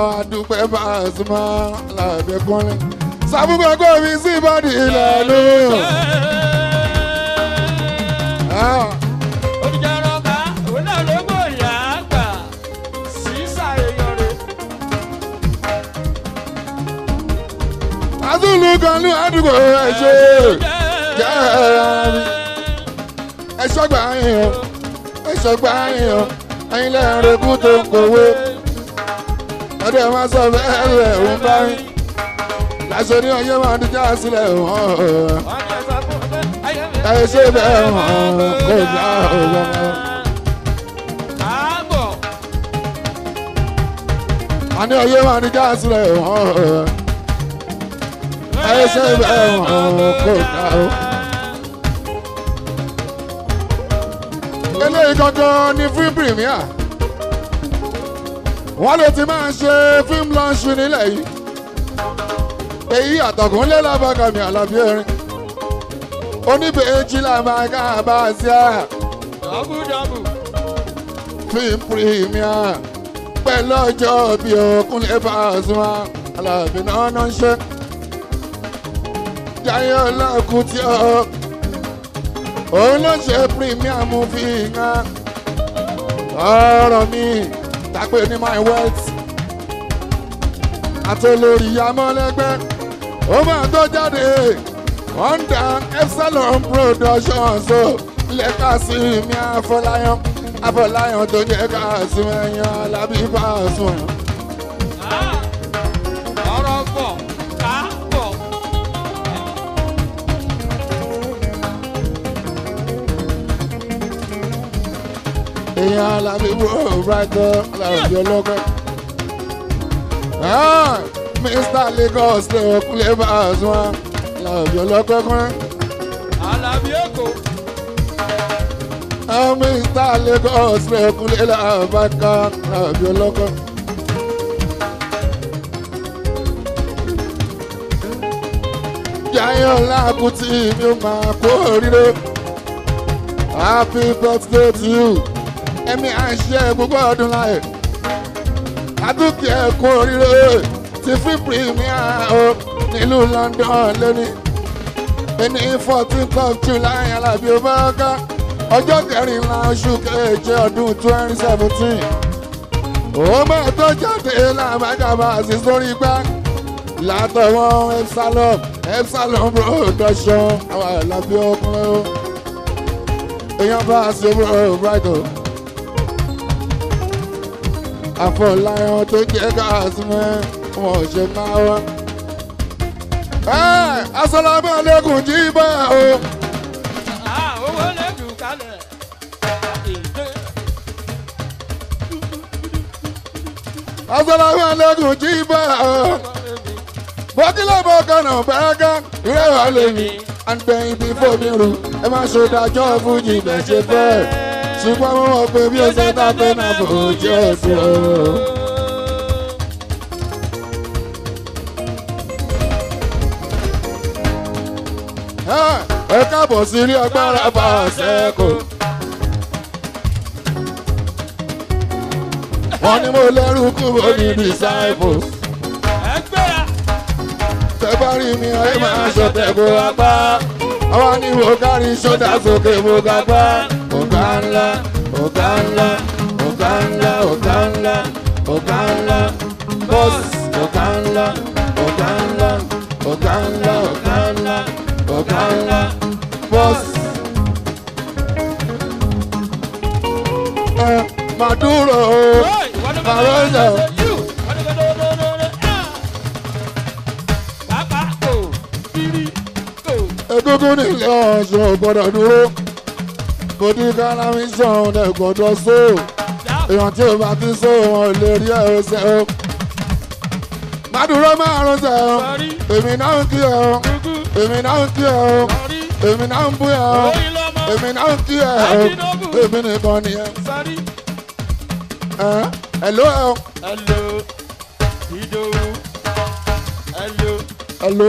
àwa dúpẹ́ Pasuma làbẹ́kúnlẹ̀ sàbúgbàgbọ́ mi sí ìbàdí ilẹ̀ lóyún. Ah. azulu kan ní àdúgbò ẹ̀ṣẹ̀ yára mi ẹ̀ṣọ́gbà yìí o ẹ̀ṣọ́gbà yìí o ẹ̀yin lẹ́yìn rẹ̀ kú tó ń kọ̀wé ọdẹ máa sọ bẹ́ẹ̀ rẹ̀ ń bá rí láṣọ ní ọyẹ́ máa dújà sílẹ̀ wọ́n ẹ ṣe bẹ́ẹ̀ wọ́n kò gbà ọ̀gbọ́n. àní ọyẹ́ máa dújà sílẹ̀ wọ́n ẹ ṣe bẹ́ẹ̀ wọ́n kò gbà ọ̀gbọ́n. eléyìí gangan ni free premier wọ́n ló ti máa ń ṣe fíìmù lọ́ọ̀ṣù nílẹ̀ yìí èyí àtọ̀kùn lé lábàkàmì àlàbí erin oníbèéjì làmà káàbà sí à. dábùdábù. fíìmù pírímíà pẹ̀lú ọjọ́ bíi òkúnlé Pasuma àlàbí náà náà ń ṣe. jayé ọlọ́kùn tí ó òun ló ṣe pírímíà mú fi hàn ọ̀rọ̀ mi tàpé ní my words àtolórí amọ́lẹ́gbẹ́ ó máa tó jáde honda epsilon productions ó lẹ́ka sí mi àfọláyàn àfọláyàn tó jẹ́ ká sí ẹ̀yàn alábí Pasuma. ẹ̀yin alábíbó brighton aláròjọ lọ́kọ́. Mr Lagos lè kúlé bá a sún wa aláròjọ lọ́kọ́ kan. Alábí Èkó. Mr Lagos lè kúlé bá a bá ká aláròjọ lọ́kọ́. Jayọ̀ Lákùtì mi máa kú oríire. Happy birthday to you èmi à ń ṣe gbogbo ọdún láyè adúkì ẹkún oríire ti fi pìrìmíà o nílùú London lónìí ẹni fourteenth of July Alábí Ọbáyọ̀ká ọjọ́ kẹrìnlá oṣù keje ọdún twenty seventeen òun bá tó jáde làbájábá sí sórí gbá látọwọ́ Epsilon Epsilon production àwọn Alábí ọkùnrin o èèyàn bá a ṣe bro bright o àfọláyàn tó jẹ́ káàsùnmẹ́ wọn ṣe máa wá. asalamu alaikum jíbà o. owó lè dùn kálẹ̀. asalamu alaikum jíbà o. bọ́kílẹ̀bọ̀ kanà bẹ́ẹ̀ká ìrẹ́wà lèmi àgbẹ̀yìn bí fòmìrù ẹ má ṣe dájọ́ fújì bẹ́ẹ̀ ṣe bẹ́ẹ̀ ṣùgbọ́n mo mọ̀ pé bí o ṣe ta pé náà bò ó jẹ́ òsì o. ẹ káàbọ̀ sí ilé agbára bá a ṣẹ́kù. wọ́n ní mo lẹ́rù kúrò ní disciple. tẹ bá rí mi ayé máa ṣọ̀tẹ̀ bó agbá. àwọn ni mo kárí ṣọ́dá sókè mo gbàgbá ọ̀gá ńlá ọ̀gá ńlá ọ̀gá ńlá ọ̀gá ńlá ọ̀gá ńlá bọ́ọ̀sì ọ̀gá ńlá ọ̀gá ńlá ọ̀gá ńlá ọ̀gá ńlá ọ̀gá ńlá bọ́ọ̀sì. Maduro Maroza. Ah. Egungun nílẹ̀ ọ̀sán gbọ́dọ̀ dúró kò ní kálámì sọ̀rọ̀ ẹ̀ gbọ́dọ̀ só èèyàn tí o bá ti só wọn ò lè rí ẹ̀ o o. Màdúró máa rún ṣe o, èmi náà ń kí ẹ o, èmi náà ń kí ẹ o, èmi náà ń bú ẹ o, èmi náà ń kí ẹ o, èmi nìkan ni ẹ. Hello ẹ o. Hello Ìdòwú. Hello. Hello.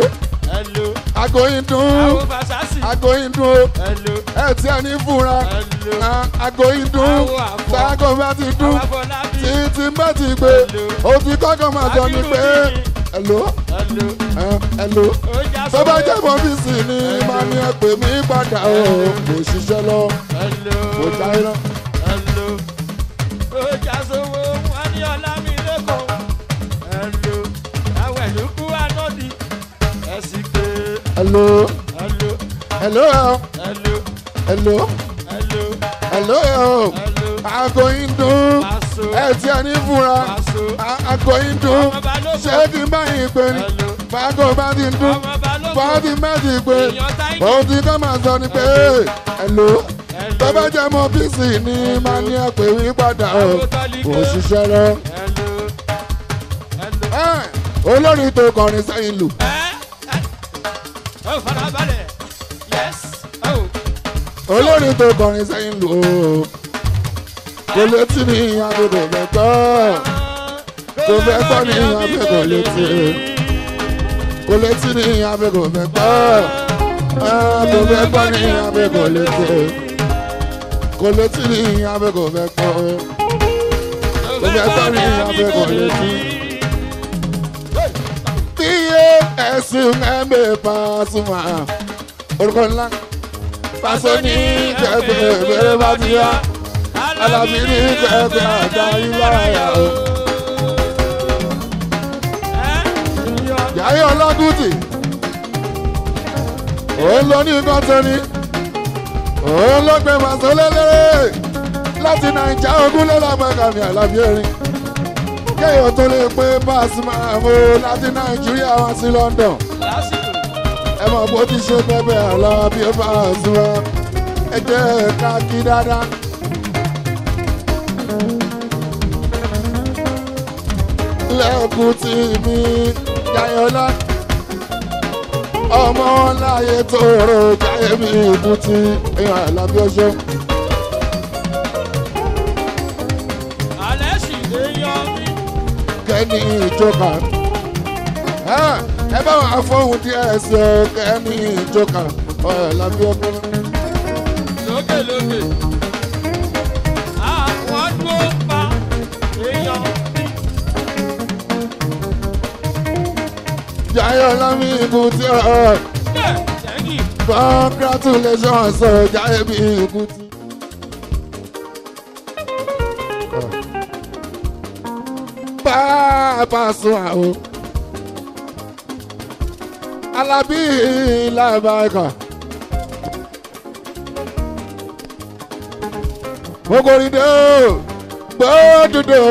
Hello. Agoyin dùn. Àwọn bàṣà sí agoyin dún o ẹ tí ẹ ní fúnra agoyin dún táàgọ́ bá ti dún tí tí bá ti gbé o ti kọ́kọ́ máa jọ ni pé ẹ̀lò ẹ̀lò tó bá jẹ́ bọ́fíìsì ni máa ní ẹ pè mí padà o kò ṣiṣẹ́ lọ kò jáde lọ. Hello hello. hello. hello. hello. hello. yín dún ẹ ti ẹ ní fúnra aago yín dún ṣé ti báyìí pé ni fàágò bá ti dún fàájì pé òun ti kọ́ máa sọ ni pé hello tó bá jẹ́ mọ́ bíìsì ni máa ní ẹ̀pẹ́ wí padà o kò ṣiṣẹ́ rẹ olórí tó kọrin sẹ́yìn lù. olórin tó kọrin sẹ́yìn lò ó kò létí ní agbègbè gbẹ̀gbọ́ kò fẹ́ gbọ́ ní agbègbè létí kò létí ní agbègbè gbẹ̀gbọ́ kò fẹ́ gbọ́ ní agbègbè létí kò létí ní agbègbè gbẹ̀gbọ́ kò fẹ́ gbọ́ ní agbègbè létí. bí ẹ̀sùn ẹ̀ ń bè pa súnmọ́ orúkọ ńlá. Paso ní kẹ̀kẹ́ ìbẹ̀rẹ̀ bá ti yá. Alábí ní kẹ̀kẹ́ àdá ìlàyà o. Yàyà Ọlágùtì. Òun ló ní kọ́tọ́ni. Òun ló gbé Paso lélẹ́rẹ́. Láti Nàìjà ogún ló lágbà kàmì Alábí erin. Kéèyàn tó lè pé Pasuma mo láti Nàìjíríà wá sí London ẹ mọ̀ bó ti ṣe bẹ́bẹ̀ ọ̀lọ́ bí ó bá ṣúra ẹ jẹ́ ká kí dáadáa. lẹ́kùn tí mi jayọ̀lá ọmọ láyé tó rò jáyé mi ìlú ti ìhàn àlàbí ọṣọ. kẹ́ni ìjọba ẹ bá wọn afọ́hùn tí ẹ sọ kẹ́mi ìjọka ọ̀rọ̀ lábẹ́ ọkọ̀. lókè lókè àwọn pa èèyàn. jayọ lami ikuti ọ. congratulations jayọ mi ikuti. bá a bá a sún àwọn. Alabi, làbàkà. Mokorinde o, gbódùdò,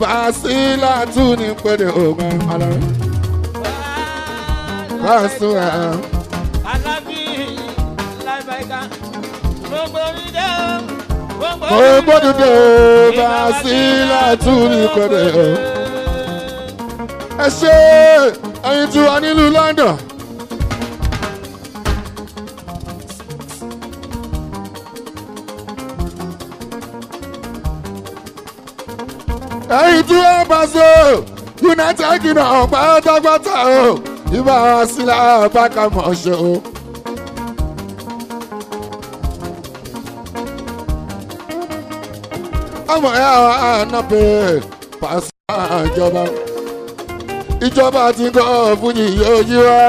Bàṣílà tún ní pẹ̀lẹ́ ògùn alárí. Bàṣílà. Alábí làbàkà. Mokorinde o, gbódùdò, Bàṣílà tún ní pẹ̀lẹ́ ògùn. Ẹ ṣe ẹyin tí wà nílùú London. ẹ̀yin tí wọ́n bá so united kingdom ọ̀pá pátápátá o ibà sílẹ̀ àbákamọ̀ ṣe o. ọmọ ẹ àwọn ànábẹ pàṣẹ ìjọba ìjọba ti kọ́ fún yìí ojú wa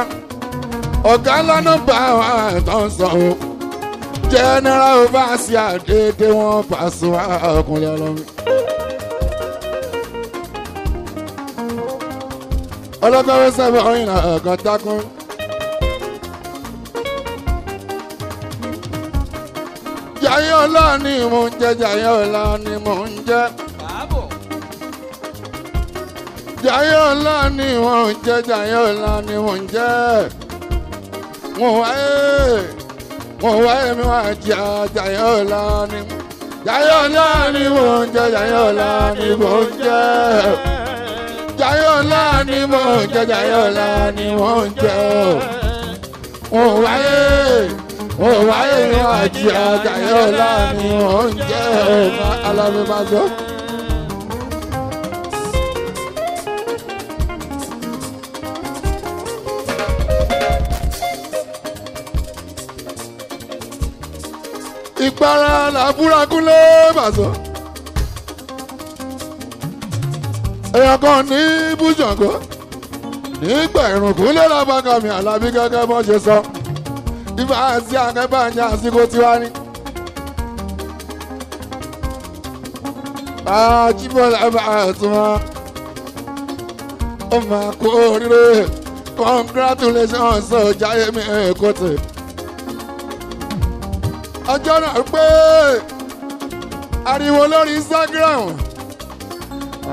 ọ̀gá ńlá nọ́mbà àwọn àtọ̀sán o general overseer déédéé wọn pàṣẹ ọkùnrin ọlọ́run. ọlọ́kọ́rọ́ sẹ́mi ọ̀rìn náà uh, uh, dákún. jayé ọlá ni mò ń jẹ jayé ọlá ni mò ń jẹ. jayé ọlá ni mò ń jẹ jayé ọlá ni mò ń jẹ. mo wáyé mo wáyé mi wá jẹ jayé ọlá ni jayé ọlá ni mò ń jẹ jayé ọlá mò ń jẹ jayọ̀lá ni mò ń jẹ jayọ̀lá ni mò ń jẹ o. Mo wáyé mo wáyé ní àjíyá jayọ̀lá ni mò ń jẹ o. Alámi máa gbọ́. Ìgbára làbúra kúnlé bàtọ́. èèyàn kan ní bùjọ̀ngó nígbà ìrùnkú lọ́la bàkàmì alábí gẹ́gẹ́ bọ́ ṣe sọ ibà àti akẹ́bà ní àsìkò tiwa ni. àjìbọ̀lá bá àtúmọ̀ ó máa kó oríire congratulations ọjà yẹmi ẹ̀kọ́ tẹ̀. ọjọ́ náà pé ariwo lórí Instagram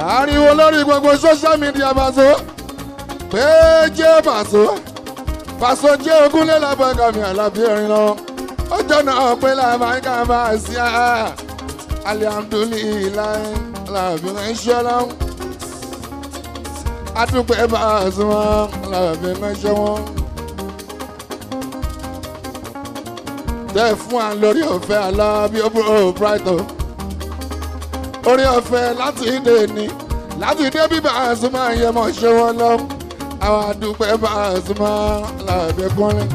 ariwo lórí gbogbo social media Paso pé jẹ́ Paso Paso jẹ́ ogúnlélàbọ̀ kàmí àlàbí ẹ̀rin lọ ó jọ̀nà pé làbá ká bá a sí a alihamdulilayi làbí ránṣẹ́ lọ àdúpẹ́ bá a sí wọn làbí ránṣẹ́ wọn. tẹ́ fún wa lórí ọ̀fẹ́ alábí ó brighton orí ọ̀fẹ́ láti dé ni, láti dé bí Pasuma yẹmọ ṣe wọn lọ àwọn àdúpẹ́ Pasuma làbẹ́kúnrin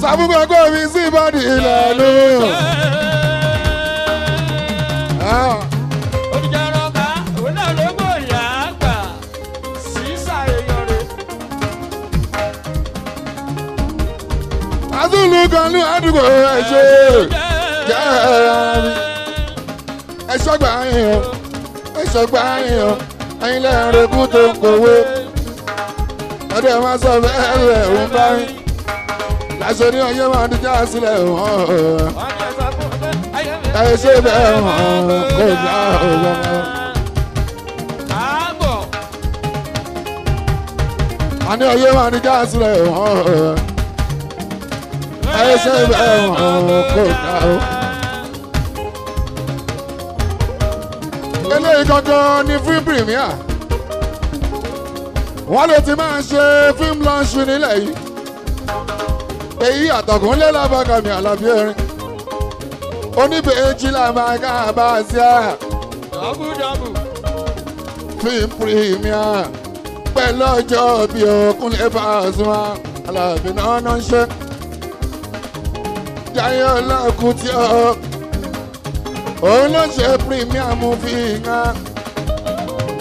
sàbúgbàgbọ́ mi sí ìbàdí ilẹ̀ lóyún. Ah. Azulu kan ní àdúgbò ẹ̀ṣọ́ jẹ́ ẹ̀ṣọ́ gbà yín o sọ pé àyìn o àyìn lẹ́yìn rekú tó ń kówé ọdẹ má sọ bẹ́ẹ̀ rẹ̀ ń bá yín láṣọ ní ọyẹ́ máa dúdú àṣìlẹ̀ wọ́n ẹ ṣe bẹ́ẹ̀ wọ́n kò gbà ọ̀gbọ́n. àní ọyẹ́ máa dúdú àṣìlẹ̀ wọ́n ẹ ṣe bẹ́ẹ̀ wọ́n kò gbà ọ̀gbọ́n. eléyìí gangan ni fíìmù pìrìmíà wọ́n ló ti máa ń ṣe fíìmù lọ́ọ̀ṣù nílẹ̀ yìí èyí àtọ̀kùn lé lábàkàmì àlàbí erin oníbèéjì là máa ká bá a sí à. dábùdábù. fíìmù pìrìmíà pẹ̀lú ọjọ́ bí Kúnlé Pasuma Àlàbí náà náà ń ṣe. jayọ̀ lọ́kùn tí ó òun ló ṣe premier movie hàn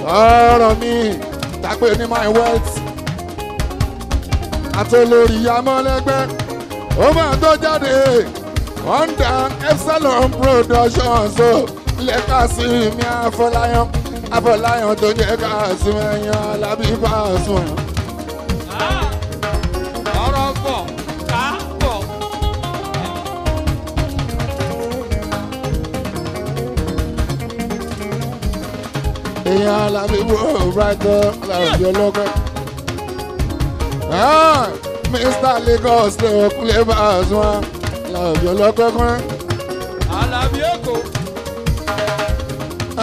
ọ̀rọ̀ mi tàpé ní my words àtolórí amọ́lẹ́gbẹ́ ó máa tó jáde under epsilon productions o lẹ́ka sí mi àfọláyàn àfọláyàn tó jẹ́ ká sí ẹ̀yàn alábí Pasuma. ẹ̀yin alábíwò brighton alábí ọlọ́gbẹ́. Ah, Mr Lagos lè kúlẹ̀ bá a sún wa alábí ọlọ́gbẹ́ kúrẹ́. alábí èkó.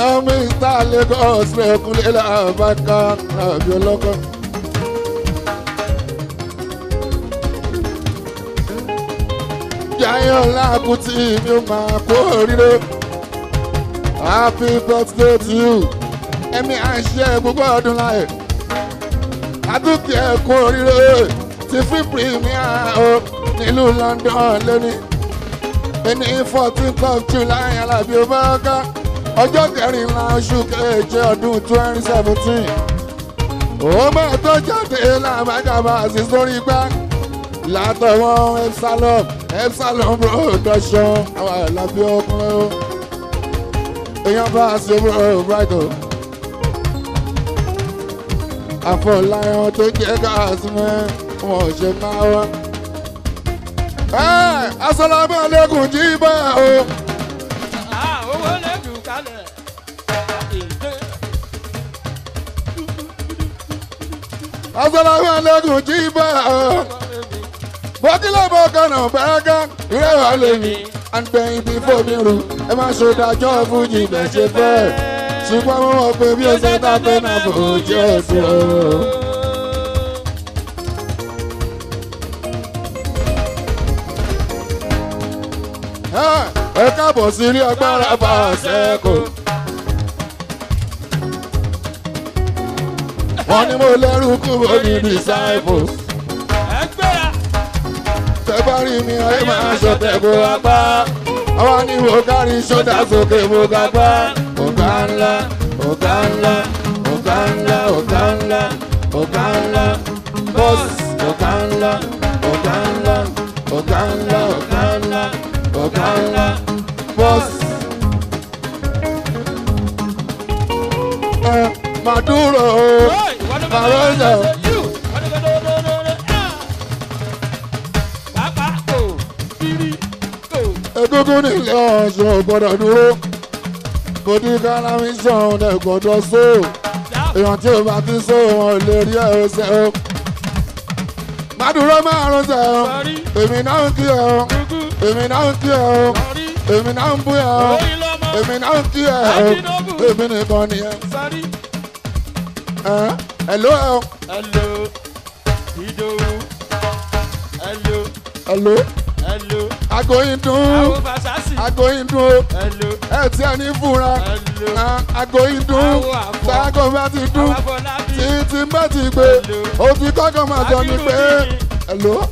Ah, Mr Lagos lè kúlẹ̀ làbákà alábí ọlọ́gbẹ́. Jayọ̀ Lákùtì mi máa kú oríire. Happy birthday to you ẹ̀mí à ń ṣe gbogbo ọdún láyè. àtúntì ẹ̀kún oríire ti fi pìrìmíà o nílùú London lónìí. ẹni fourteenth of July Alábí Ọbáká ọjọ́ kẹrìnlá oṣù keje ọdún twenty seventeen. ó máa tó jáde làbájábá sí sórí gbá látọwọ́ Epsilon Epsilon production àwọn Alábí ọkùnrin o èèyàn bá a ṣe bro right o àfọláyàn tó jẹ́ káàsìmẹ́ wọn ò ṣe máa wá. asalamu alaikum jíbà o. owó lè dùn kálẹ̀. asalamu alaikum jíbà o. bọ́kílẹ̀ bọ́kànnà bẹ́ẹ̀ká ìrẹ́wà lèmi àgbẹ̀yìn bí fòmìrù ẹ má ṣe dájọ́ fújì bẹ́ẹ̀ ṣe bẹ́ẹ̀ ṣùgbọ́n mo mọ̀ pé bí o ṣe dábẹ́ náà kò jẹ́ èso. ẹ káàbọ̀ sí ilé agbára fàṣẹ kò. wọ́n ní mo lẹ́rù kú mo ní disciples. tẹ bá rí mi ayé máa ṣọ̀tẹ̀ bó apá. àwọn ni mo kárí ṣọ́dá sókè mo gbàgbá. Oganda, Oganda, Oganda, Oganda, Oganda, boss. Oganda, Oganda, Oganda, Oganda, Oganda, boss. Eh, Maduro, ọ̀gá ńlá ọ̀gá ńlá ọ̀gá ńlá ọ̀gá ńlá bọ́ọ̀sì. ẹ máa dúró àwọn ọ̀nà. egungun nílẹ̀ ọ̀sán ọ̀gbọ́dọ̀ dúró kò ní kára mi sọ̀rọ̀ ní ẹ̀kọ́ tó so èèyàn tí o bá ti so wọn ò lè rí ẹ̀rọ sẹ́ o. Màdúró máa rún sẹ́ o, èmi náà ń kí ẹ o, èmi náà ń kí ẹ o, èmi náà ń bú ẹ o, èmi náà ń kí ẹ o, èmi nìkan ni ẹ. Hello ẹ o. Hello Ìdòwú. Hello. Hello. Hello. Agoyin dùn. Àwọn bá ago yín o ẹ tí ẹ ní fúnra ah, ago yín bá ti dún tí bá ti gbé o ti máa jọ ni pé hello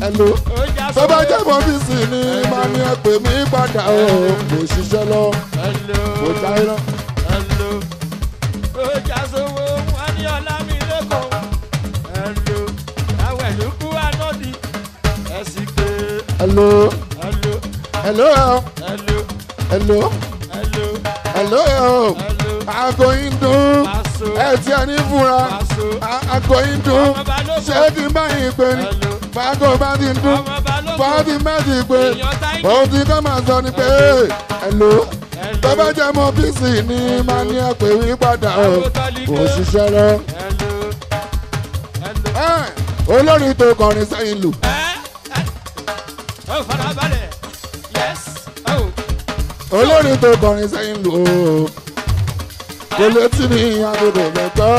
hello tó ah, bá jẹ́ bọ́fíìsì ni màá ní ẹ pè padà o kò ṣiṣẹ́ lọ kò já iná. Hello hello hello hello hello Hello. yín dún ẹ ti ẹni fúnra aago yín dún ṣé kí n bá yín pé ni fàágò bá ti dún fàájì má ti pé òun ti kọ́ máa sọ ni pé hello tó bá jẹ́ mọ́ bíìsì ni máa ní ẹ̀pẹ́ wí padà o kò ṣiṣẹ́ rẹ olórí tó kọrin sẹ́yìn lù. olórin tó kọrin sẹ́yìn lò ó kò létí ní àbẹ̀bẹ̀ gbẹ̀gbọ́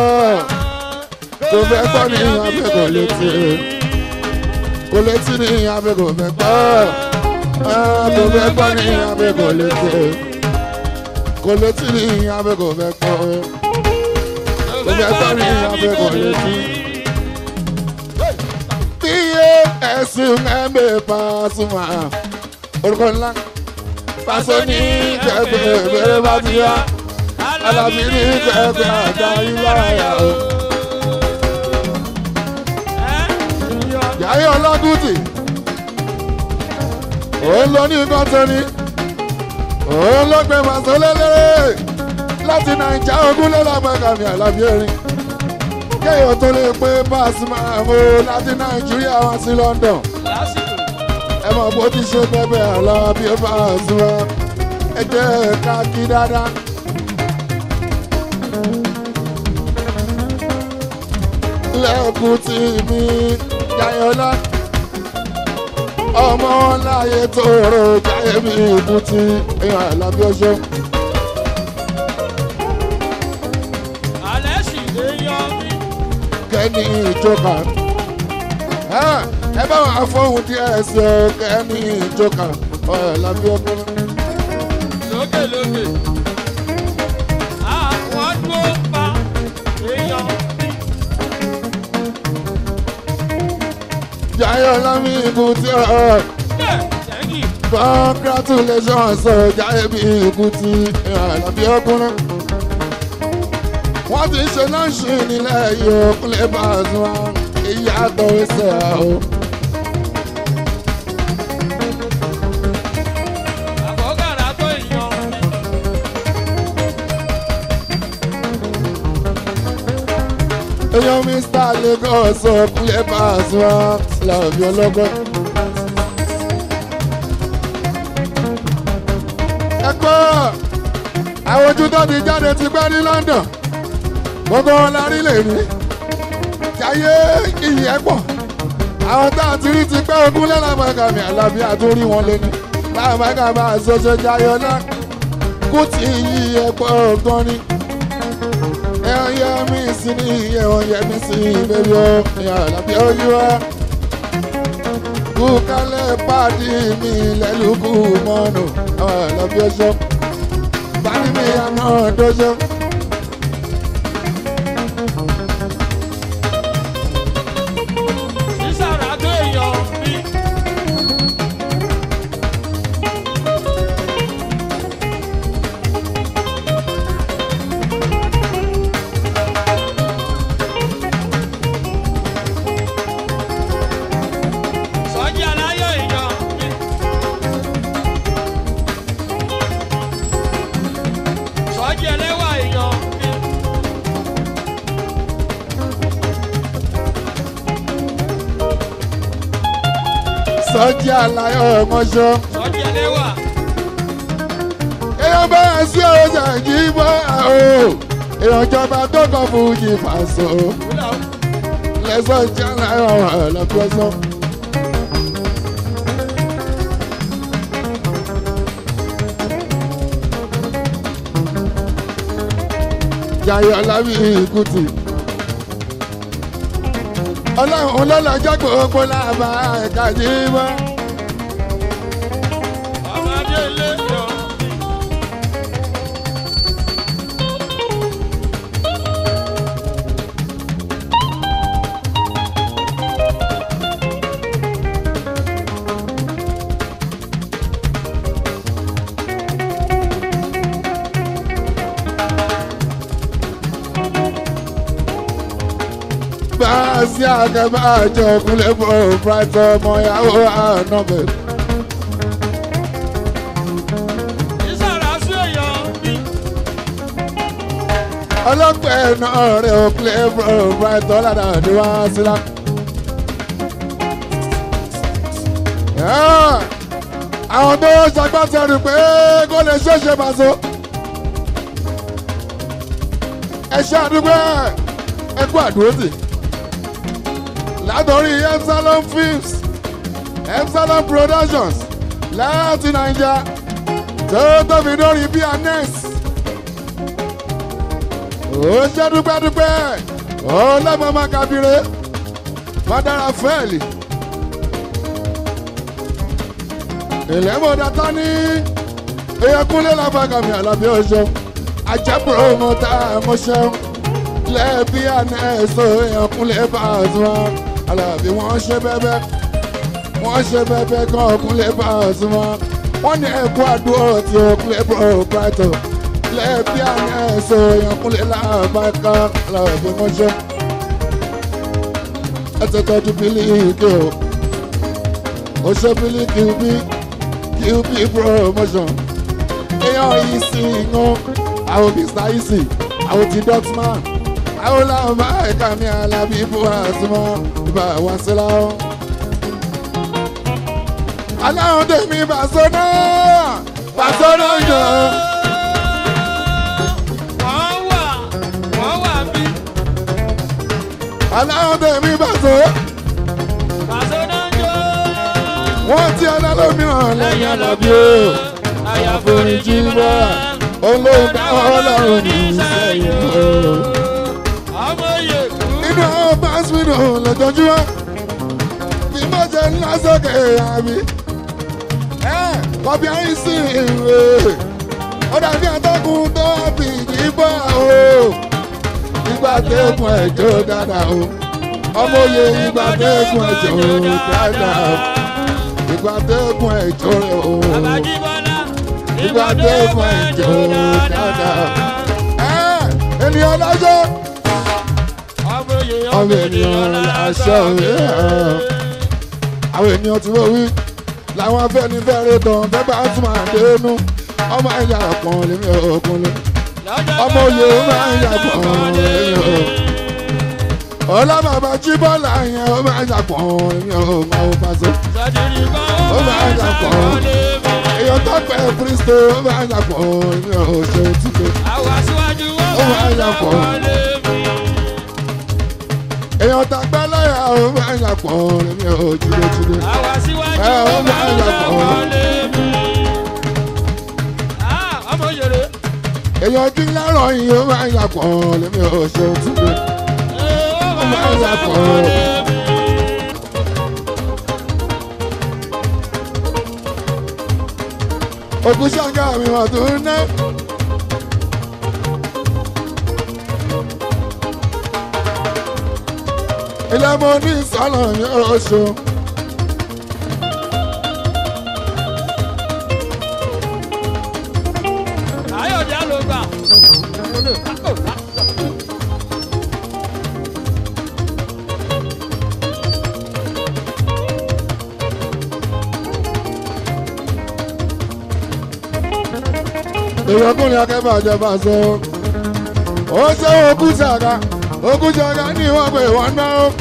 kò fẹ́ gbọ́ ní àbẹ̀bẹ̀ létí kò létí ní àbẹ̀bẹ̀ gbẹ̀gbọ́ kò fẹ́ gbọ́ ní àbẹ̀bẹ̀ létí kò létí ní àbẹ̀bẹ̀ gbẹ̀gbọ́ kò fẹ́ gbọ́ ní àbẹ̀bẹ̀ létí. bí ẹ̀sùn ẹ̀mẹ́ Pasuma orúkọ ńlá. Paso ní ìjẹ́pẹ̀ ìbẹ̀rẹ̀ bá ti yá. Alábí ní ìjẹ́pẹ̀ àdá ìlàyà o. Yàyí Ọlágútì. Òun lọ ní Bátọ́ni. Òun ló gbé Paso lélẹ̀. Láti Nàìjà ogún lọ́làgbàgà mi Alábí Erin. Kéèyàn tó lè pé Pasuma mo láti Nàìjíríà wá sí London ẹ mọ̀ bó ti ṣe bẹ́bẹ̀ ọ̀lọ́ bí ó bá súnmọ́ ẹ jẹ́ ká kí dáadáa. lẹ́kùn tí mi jayọ̀lá ọmọ láyé tó rò jáyé mi ìbú ti èèyàn àlàbí ọṣọ. alẹ́ sì lè yọ mí. kẹ́ni ìjọba ẹ bá wà fóun díẹ̀ sí o kẹ́ni ìjọka ọ̀rọ̀ lábí ọkọ. lókè lókè àwọn tó pa èèyàn. Jayọ̀ lámì ìbùtí ọ̀. Congratulations Jayọ̀ bí ìbùtí àlàbí ọkùnrin. Wọ́n ti ṣe náà ṣì nílẹ̀ yìí ó kúlẹ̀ bá a sùn. Ìyá àtọ̀wé sọ̀rọ̀ o. èèyàn Mr Lagos of clepas wa làwọn fi ọlọ́gbọ́n. ẹ̀kọ́ àwọn ojú tó ti jáde ti pẹ́ ní London gbogbo ọlárí lè rí jayé iyì ẹ̀ pọ̀ to be a ti rí ti pẹ́ ogún lẹ́làmọ́gàmì àlàbí àtúrí wọn lé ní láàmọ́gàmì àṣọṣọ jayọ̀ náà kú ti iyì ẹ̀ pọ̀ gan ni ẹ̀wọ̀n yẹ mí sí ní ẹ̀wọ̀n yẹ mí sí bébí ó ìyá àlàbí ojú wa. kúkálẹ̀ pàdé mi lẹ́lùkù mọ́nù àwọn àlàbí ojú. bá ní mi àná dójú. ọjà láyọ̀ ọmọṣọ. ọjà lẹ́wà. èèyàn bá a sí ọjà yìí bá a o èèyàn jọba tó kọ fún yìí fàṣọ. lẹ́sọ̀ ọjà láyọ̀ ọlọ́pẹ́sọ̀. Jayọ̀ Lábí Kùtì ọlọ́run lọ́lọ́jọ́ gbogbo làbá ẹ̀ka yìí mọ́. sí àkẹ́bà àjọ kúnlẹ̀ bọ̀ pàtó ọmọ ìyàwó àná bẹ̀rẹ̀. ọlọ́pẹ́ náà rẹ̀ ó kúnlẹ̀ bọ̀ pàtó ọ̀làdà ni wọ́n á sí lá. àwọn tó ń ṣagbátẹrù pé kó lè ṣèṣe pàṣọ. ẹ ṣe àdúgbò ẹ kú àdúró sí látòrí Epsilon films Epsilon productions láti Naija tó tóbi lórí bíi anes ó ṣe dúpẹ́dúpẹ́ ó lọ́mọ máa kábíré mọ́dára fẹ́ẹ̀lì ìlẹ́mọ̀dá tání eyakunlé lábàgàmì àlàbí ọjọ́ ajẹ́pọ̀ ọmọ tá a mọ̀ ṣẹ́un lẹ́ẹ̀bí àná ẹ̀sọ́ eyakunlé bá a tún wá. Àlàbí wọ́n ṣe bẹ́bẹ́ wọ́n ṣe bẹ́bẹ́ kan ọkùnrin bá a sún mọ́ wọ́n ní ẹ̀kú àdúrà tí ọkùnrin bọ̀ pàtó lẹ́ẹ̀bí àná ẹ̀sọ́ ìyànkúnlẹ̀ làbáká Àlàbí wọ́n ṣe ẹsẹ̀ tọ́jú bílí ìdè o ó ṣe bílí qb qb promotion èèyàn yìí sí iná àwọn mr easy àwọn ti dotman àwòlá ọba kamia la alábí fún àsùnmọ́ ìbá wa ala o. aláwọn tèmi bàṣọ́nà bàṣọ́nà yọ. wọ́n wà wọ́n wà bí. aláwọn tèmi bàṣọ́. bàṣọ́nà yọ. wọ́n ti ya lẹ́yìn alábí o. àyàfò ìjìnlẹ̀ olóńgbà ọlọ́run ní sẹ́yìn o mi ò lójoojúmọ́ bí mo ṣe ń lọ sókè àbí kọbi ayé sí ìwé ó dàbí atọ́kùn to fi yíbọ̀ o ìgbà tẹ́kùn ẹ̀jọ́ dáadáa o ọmọ oyè ìgbà tẹ́kùn ẹ̀jọ́ dáadáa o ìgbà tẹ́kùn ẹ̀jọ́ o ìgbà tẹ́kùn ẹ̀jọ́ dáadáa. ènìyàn lọ́jọ́ àwọn ènìyàn làṣọ rẹ̀. àwọn ènìyàn tí wọ́n wí làwọn afẹ́nifẹ́re tán fẹ́ bá tún máa dénú ọmọ ẹ̀yà kan lèmi òkunlé ọmọ òye máa ń yà pọ̀ lèmi ò. ọlá bàbá jí bọ́ọ̀lù yẹn ó máa ń yà pọ̀ lèmi ò máa ń pàṣẹ. ó máa ń yà pọ̀ èèyàn tó pẹ́ kristo ó máa ń yà pọ̀ lèmi ò ṣe òtítọ́. àwọn aṣáájú wọn máa ń yà lèmi ò èèyàn tá gbẹ́ lọ́yà ó máa yà pọ̀ lé mi ò jíde jíde. àwa síwájú ó máa yà pọ̀ lé ọmọ yèrè. èèyàn dín lárọ̀ yìí ó máa yà pọ̀ lé mi ò ṣe jíde. ó máa yà pọ̀ lé òkú ṣàǹkà mi wà tó ń ná. ilé mo ní sọ́nà yẹn oṣù. ayọ̀dẹ̀ ló gbà. ìrọ̀kùnrin akẹ́fà jọba sọ ó ṣe òkú sàrà òkú sàrà ní ìwọ̀n pé náà.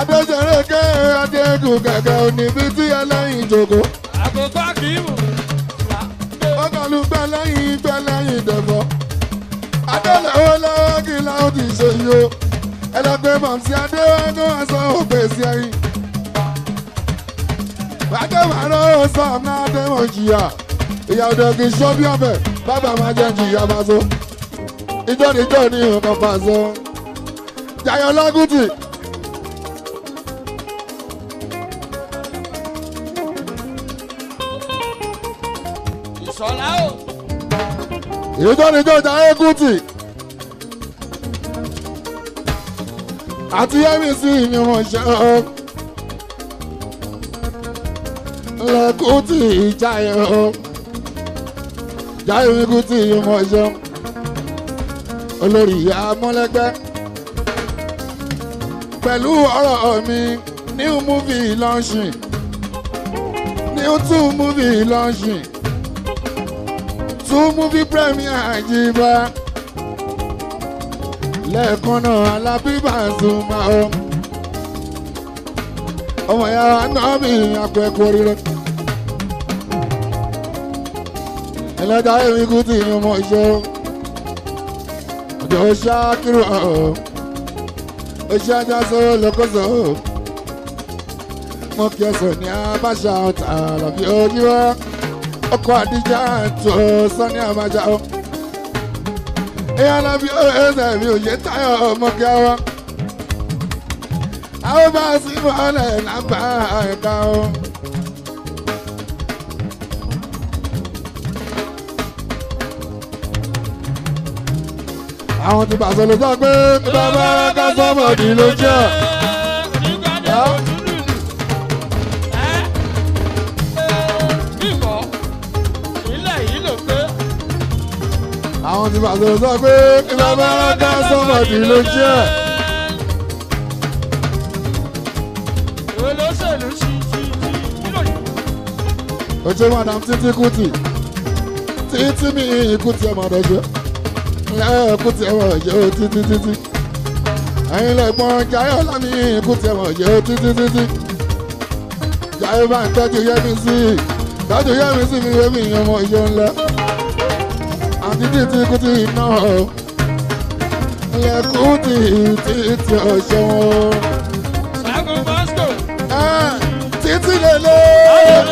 Adéjẹrẹ́kẹ́ Adégùn kẹ̀kẹ́ oníbi tí ẹlẹ́yin jòkó. Àkókò Akíìmù. Ọkàlù gbẹlẹ́yin gbẹlẹ́yin dẹ̀fọ́. Adélẹ̀wọ́ lọ́wọ́ kí láwọn ti ṣe yìí o. Ẹlẹ́gbẹ́ Màmsí Adéwájú wá sọ òpè sí ẹyin. Bàdéwàrọ̀ ó sọ ọ̀nà Adéwọ̀n jìyà. Ìyá ọ̀dọ̀ kì í ṣọ́ bí ọ̀bẹ. Bàbá máa jẹ́ jìyà bá so. Ìjọ́ni ìjọ́ni ìhùn kan pàṣẹ. Jayọ̀ Lágùtì. ìjọ́nijọ́ ìjà ẹ́kútì àti mec ìrìnàṣẹ́ lẹ́kútì ìjà ẹ̀rọ ìjà ẹ̀kútì ìrìnàṣẹ́ olórí ìyá mọ́lẹ́gbẹ́ pẹ̀lú ọ̀rọ̀ mi new movie launching new two movie launching two movie premier àjìbá lẹ́ẹ̀kan náà Alábí Pasuma o ọmọ ya náà mi àpẹ̀kọ rírẹ. ẹlẹ́dàá èmi kú ti ọmọ ìṣó ọjọ́ ṣáàkiri ọ̀hún oṣù ajá sọ́wọ́ lọ́kọ́sọ́ mo kí ẹsẹ̀ ní abáṣà ọ̀tà àlàbí ojúwọ́ ọkọ àdíjà tó sani àmàjà o. ìyànà bí ó ẹsẹ̀ mi ò yé táyọ̀ ọmọge wa. àwọn bá a sì mọ́lẹ̀ lábà ẹ̀ka o. àwọn tí bàtà ló sọ pé bàbá ká sọmọdì ló jẹ́. àwọn ti bàtà sọ pé kí ló bá rán dá ló jẹ́. olóṣèlú madam titi kuti, titi mi ìkùtì ẹ̀ màdà jẹ́ ẹ̀ kùtì ẹ̀ màdà jẹ́ ó títí títí. ẹ̀yin lẹ́gbọ́n jayọ̀ lámì ìkùtì ẹ̀ màdà jẹ́ ó títí títí. jayọ̀ bá ń tọ́jú yẹ́mi sí i tọ́jú yẹ́mi sí mi wẹ́mi ìyọmọ ìyọ ńlá dídí tí kú ti ná lẹ́kú tí tí tí ọ̀ṣẹ́ wọn. Ṣàgùn Bosco. Títí lélẹ̀.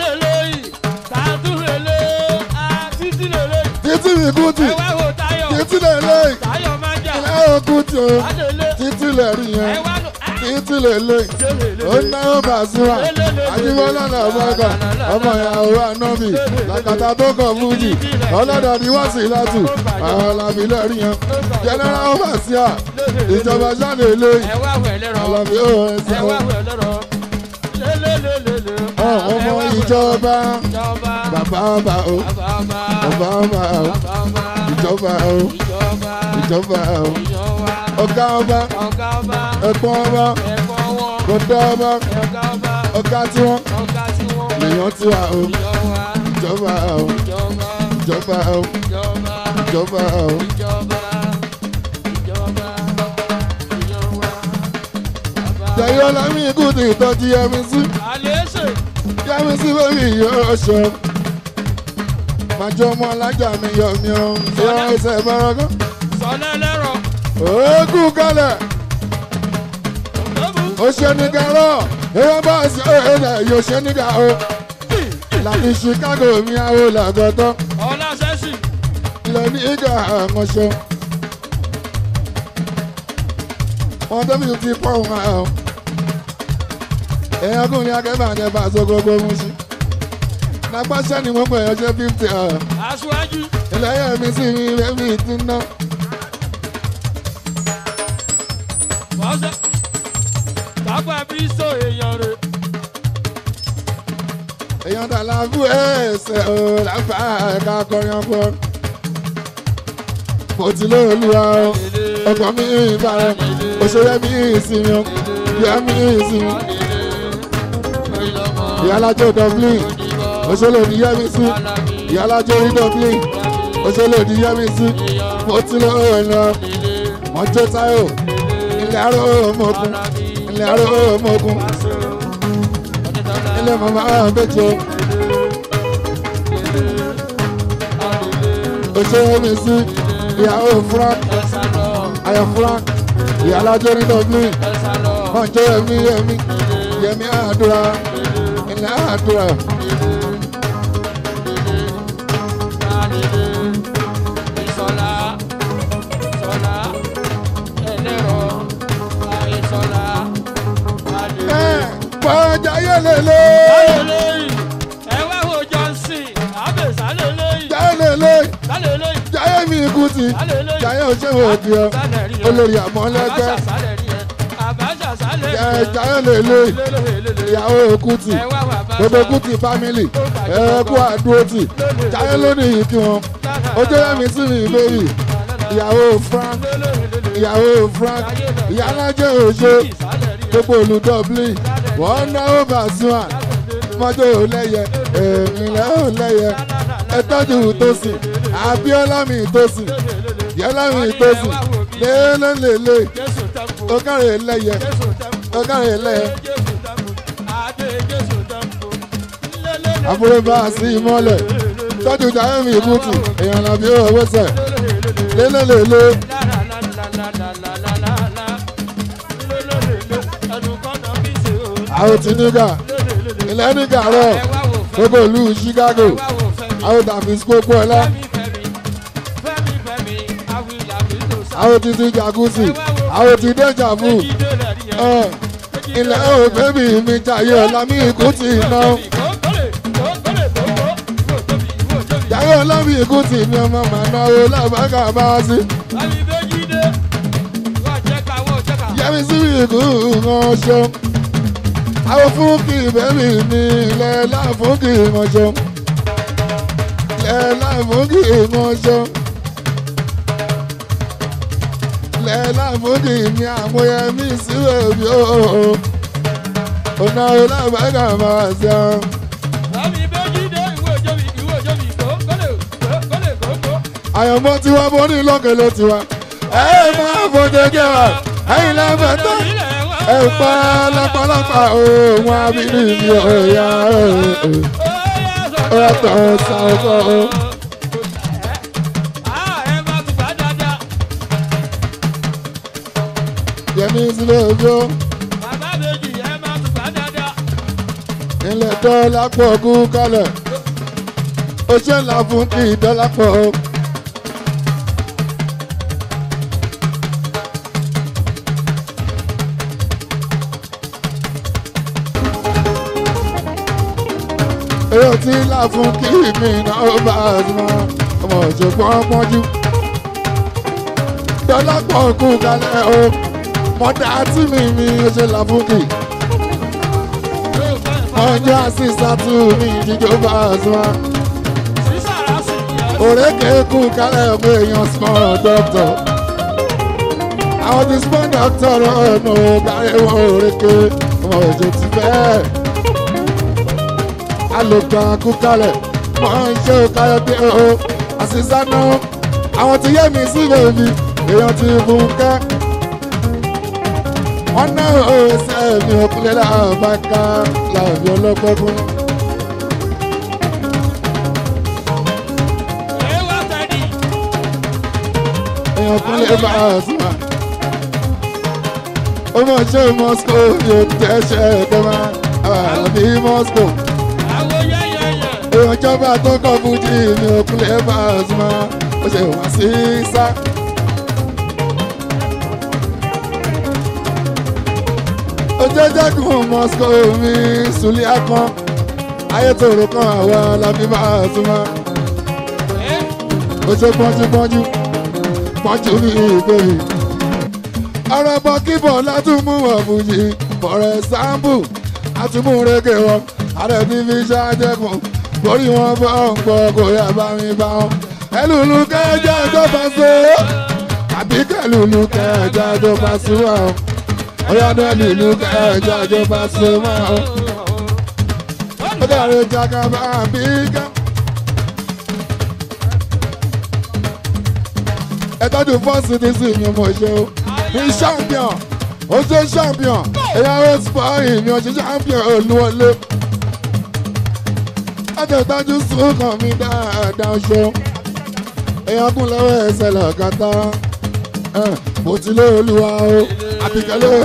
lele, yìí, tàdú lélẹ̀, títí lélẹ̀. Títí mi kú tì. Ẹwà wò Táyọ̀. Títí lélẹ̀. Táyọ̀ máa jà. Ẹlẹ́yọ̀ kú tì o. Títí lẹ́rìí yẹn. Ẹwà lò títí lèlè ó náwó bàṣírà àjíbọ́lá náà bàgà ọmọ ìyàwó ànábì làkàtà tó kọ̀ fújì ọlọ́dọ̀ ni wọ́n sì látù àwọn ọ̀làbí lẹ́rí yan jẹ́nẹ́rà ó bàṣíà ìjọba sáni eléyìí ọ̀làbí ó ẹ̀ sí wọn. ọmọ ìjọba bàbá ọba o bàbá ọba o ìjọba o ìjọba o ọ̀gá ọba ẹ̀pọ̀n ọba bọ̀dá ọba ọ̀gá tí wọ́n lèèyàn tí wà o ìjọba o ìjọba o ìjọba o. Jẹ̀yọ́ lámì ikú ti ìtọ́jú Yẹmisí. Yẹmisí bẹ́bí yóò ṣe. Màjọ́ ọmọ alájà mi yọ̀ mí o. Ṣé ẹsẹ̀ mọ́rọ́gán? ogun kalẹ̀ oṣenigarọ ewa bá ṣe ẹ̀ẹ́dẹ̀ yóò ṣeniga o láti Chicago mi àwọn làgọ́tọ́ lẹ́ni ìgbà àwọn ṣeun wọn tó fi ti pọ̀ wọn àwọn èèyàn kùn ní ni àjẹ́ bá aṣọ gbogbo mú sí lápá sẹ́ni mo pè é ọjọ́ fífi ọ̀ ilẹ̀ yẹn mi sì rí rẹ́mi ti ná. èèyàn dàlà fún ẹsẹ̀ o láfa ẹ̀ka akọrin ọkọ. mo ti lé olúwa o ọkọ mi ìbára òṣèré mi ìsinmi o ìyá mi ìsinmi. ìyá alájọ dublin òṣèlú òdì yẹmi sí ìyá alájọ orí dublin òṣèlú òdì yẹmi sí mo ti lé olúwa mọ́jọ́ táyọ̀ ilé aró ọmọkùn ilé aró ọmọkùn ilé màmá àbẹ̀jọ́. Oṣeyẹmísí ìyàwó Frank Ayọ̀ Frank ìyàlájọ́ ní Dublin Ọjọ́ Yẹmí Yẹmí Yẹmí Àdúrà ilẹ̀ Àdúrà. Bọ́jà yẹlẹ lé. Kuti jayé òṣèwé òkè ọ olórí àmọ́lẹ́gbẹ́ jayé lèlè ìyàwó Kuti gbogbo Kuti family ẹ̀ẹ́kú àdúrótì jayé lónìí yìí kí wọn ojú ẹ̀mí sí mi ìbéyì ìyàwó Frank ìyàwó Frank ìyálájẹ òṣè gbogbo olú Dublin wọn náwó Pasuma mọ́tò lẹ́yẹ èmi lẹ́hùn lẹ́yẹ ẹ tọ́jú tó sìn. Abiola mi ìtòsí yẹlá mi ìtòsí lélẹ́lẹ́lẹ́ ọ̀kàrẹ̀ ẹlẹ́yẹ ọ̀kàrẹ̀ ẹlẹ́yẹ. àfúrẹ́fà sí ìmọ̀lẹ̀ tọ́jú jayé mi ìbùtù èèyàn làbí owó sẹ̀ lélẹ́lẹ́lẹ́. àwọn tí nígà ilẹ̀ nígà gbogbo ìlú Chicago àwọn tàbí àwọn ti ti jacuzzi àwọn ti dẹ́jà fún ilẹ̀ ò bẹ́bí mi jayé ọ̀la mi kú ti ná. jayé ọ̀la mi kú ti ní ọmọ màná o lábàkà bá a sí. yẹ́mi sí ìkú wọn ṣeun àwọn fúnkì bẹ́bí mi ilẹ̀ láfúnkì wọn ṣeun ilẹ̀ láfúnkì wọn ṣeun. Àṣàkẹ́ láfúdì mi àmúyẹ mi sí bèbí o. Ọ̀nà ìlàgbẹ́gà máa ṣeun. Lábì bẹ́jú dé ìwé òjò mi ìwé òjò mi kò kọ́lẹ̀ kọ́lẹ̀ kókó. Àyànmọ́ tiwa mo ní lókè ló tiwa. Ẹ máa fòde jẹ́ wa, ẹ̀yin lábẹ́ tó. Ẹ pa lápálápá òun àbínú mi ò yá. Ó yàtọ̀ sàkó. jẹ mí sílé ojó. bàbá méjì ẹ máa tún gbà dáadáa. ilẹ̀ dọ́là pọ̀ kú kalẹ̀ ó ṣe la fún kí dọ́là pọ̀ o. èrò la là fún kí mi náà ó bá a ti mọ ọmọ ìṣògbọ́n pọ́njú dọ́là pọ̀ kú kalẹ̀ o mọ́dà tí mi mi ó ṣe làbúkì. ọjọ́ àṣìṣà tù mí ìdíjọba àṣùwà. òrékè kú kálẹ̀ ọmọ èèyàn small doctor. àwọn ti small doctor ọ̀nà ọ̀gbàrẹ̀ wọn òrékè ọmọ òjò ti fẹ́. alògbà kú kálẹ̀ mọ́ iṣẹ́ káyọ̀dé o àṣìṣà náà àwọn ti yé mi sí lèmi èèyàn ti bùn kẹ́ ọ̀nà òsèmi òkúlẹ̀ làbàkà làbí ọlọ́gbọ́gbọ́n. èèyàn kúnlẹ̀ bá a sùn à. ó mọ̀ ṣe moscow yóò tẹ́ ṣe ẹ̀dọ́mà àbí moscow. èèyàn jọba tó kọ́ fújì mi òkúlẹ̀ bá a sùn à. ó ṣe wá sí sá. jẹ́jẹ́gùn moscow mi sùlẹ̀ akán ayétòrò kan àwa làbí máa súnmọ́. oṣù pọ́njú pọ́njú pọ́njú ní ìgbèrè. ọ̀rọ̀ bọ́ kíbọ̀ látúmú ọ̀bùjì bọ̀rẹ̀ sáàmbù àtúmú rege wọn ààrẹ ti fi ṣáájẹ́kùn borí wọn bọ́ ń pọ̀ kò yá bá mi bá wọn. ẹlùlù kẹjọ ìjọba ṣe àbíkẹ́lùlù kẹjọ ìjọba ṣe wà wọn. Oya ọyọ́dọ̀ nìlú kẹjọ jọ Pasuma o. ó dàrú jaka bá bí ká. ẹ tọ́jú fọ́ọ̀sì ní sí ni mo ṣe o ní champion ó ṣe champion ẹ̀yà rosebud ni ó ṣe champion olúwọlé. ẹ tẹ̀ tọ́jú sùkàn mi dáadáa ṣe o ẹ̀yà kún lọ́wọ́ ẹsẹ̀ lọ́kàtà mo ti lé olúwa o àbíkẹ́lẹ́.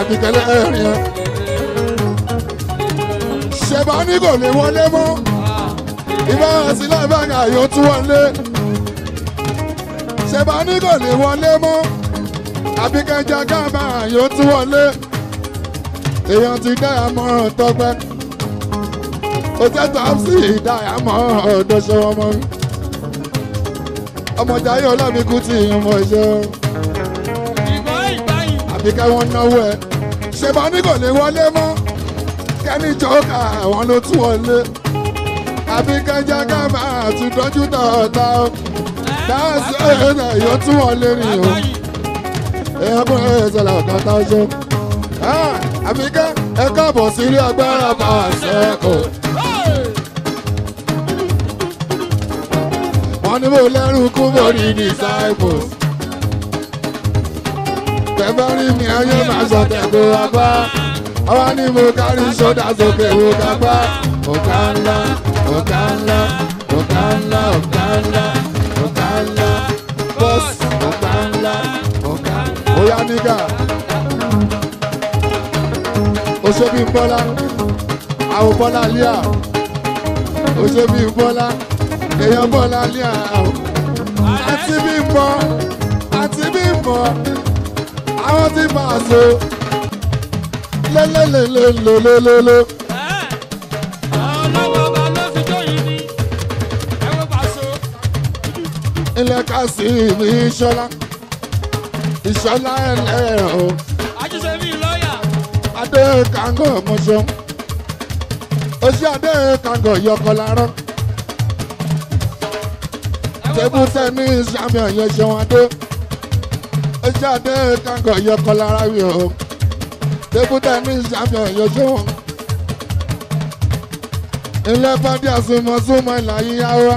àbíkẹ́lẹ́ ẹ̀rín ẹ̀. ṣẹ̀bá ní kò lè wọlé mọ́ ìbáraẹ̀sí láì bá ní àyò tún wọlé. ṣẹ̀bá ní kò lè wọlé mọ́ àbíkẹ́jà ká bá àyò tún wọlé. èèyàn ti dá àmọ́ràn tọpẹ́ òtẹ́tọ̀ sí ìdáyà mọ́ ọ̀dọ́ ṣe ọmọ ọmọjà yóò lábí kú tí ìmọ̀ ṣe. àbíkẹ́ wọn náwó ẹ̀ ṣe bá ní kò lè wọlé mọ́ kẹ́ni jọ́ọ̀kà àwọn ló tún wọlé àbíkẹ́ jẹ́ ká máa tún dọ́jú tọ̀ọ̀tà ó dáhùn ẹ̀yọ́nà yóò tún wọlé rìn o ẹ̀yọ́kùnrin ẹ̀sọ̀lá ọ̀gá táwọn ṣe. Ah, àbíkẹ́ ẹ káàbọ̀ sí ilé agbára máa ṣẹ́kọ̀ọ́. wọ́n ní mo lẹ́rù kú mo rí disciples. Tẹ̀fẹ́ rí mi ayé máa sọ tẹ̀gbọ́ apá. Àwa ni mo kárí sódà sókè wo kápá. Ọ̀gá ńlá, ọ̀gá ńlá, ọ̀gá ńlá, ọ̀gá ńlá, ọ̀gá ńlá, bọ́ọ̀sì, ọ̀gá ńlá, ọ̀gá. Oya nígà. Oṣó bí Bọ́lá, àwọn Bọ́lá Líà, Oṣó bí Bọ́lá èèyàn bọ́lá ní àwọn àti Bímbọ́ àti Bímbọ́ àwọn ti máa so lélélélélélélélé. ilẹ̀ ká sí mi ìṣọ́lá ìṣọ́lá ẹlẹ́rọ. àṣìṣe mi lọ́ọ̀yà. adé kàngọ̀ mọ̀ṣọ́ oṣù adé kàngọ̀ yọkọ̀ lárọ́ table tennis champion yẹn ṣeun adé ó ṣe adé kankan yẹ kọ́ lára rí o table tennis champion yẹn ṣeun. ilé pàdé àsùnmọ̀sùnmọ̀ ìlà yíyá wa.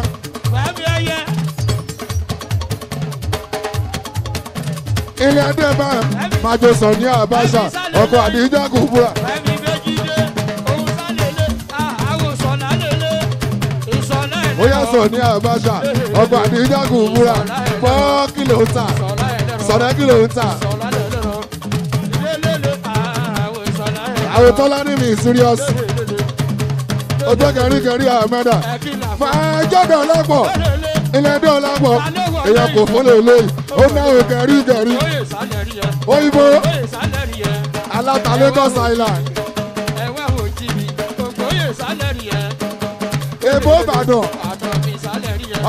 ilé adé bá máa jọ sọ ní Abacha ọkọ̀ àdìjọ́ kò búra. sọ ní Abacha ọgbà níjàgùn múra fọ́ kìlò ń tà sọ̀rọ̀ kìlò ń tà. àwòtọ́lá ní mi serious ọjọ́ kẹríkẹrí àmẹ́dà máa jọ́dọ̀ lọ́pọ̀ ilẹ̀ dé ọ̀làpọ̀ èèyàn kò fọ́lẹ̀ lóyè ó náwó kẹríkẹrí òyìnbó aláta Lagos Island. èbó Ìbàdàn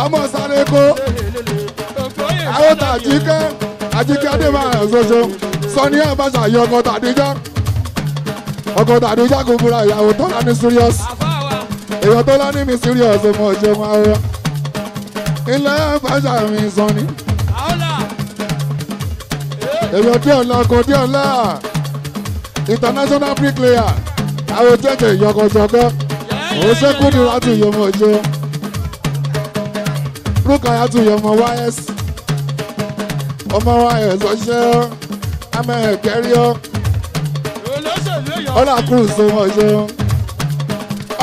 ọmọ sáré kó àwọn tàjíkẹ́ àjíkẹ́ adébáyọ̀ ṣoṣo sọ ní àbáṣà yọ ọkọ̀ tàdíjà ọkọ̀ tàdíjà kò búra ìyàwó tó lá ní serious èèyàn tó lá ní mi serious ọmọ ìjẹun ara ilé àbáṣà mi sọ ni èèyàn díẹ̀ ńlá ọkọ̀ díẹ̀ ńlá international bricklayer àwọn jẹ́jẹ́ ìyọkọ̀ jọgbẹ́ òun ṣẹ́kù ní láti ìyọmọ̀ ìjẹun. Rúkàyà tún yọ ọmọ YS ọmọ YS ọṣẹ́ amẹ́ kẹríọ́ ọlá cruise ọmọ ọṣẹ́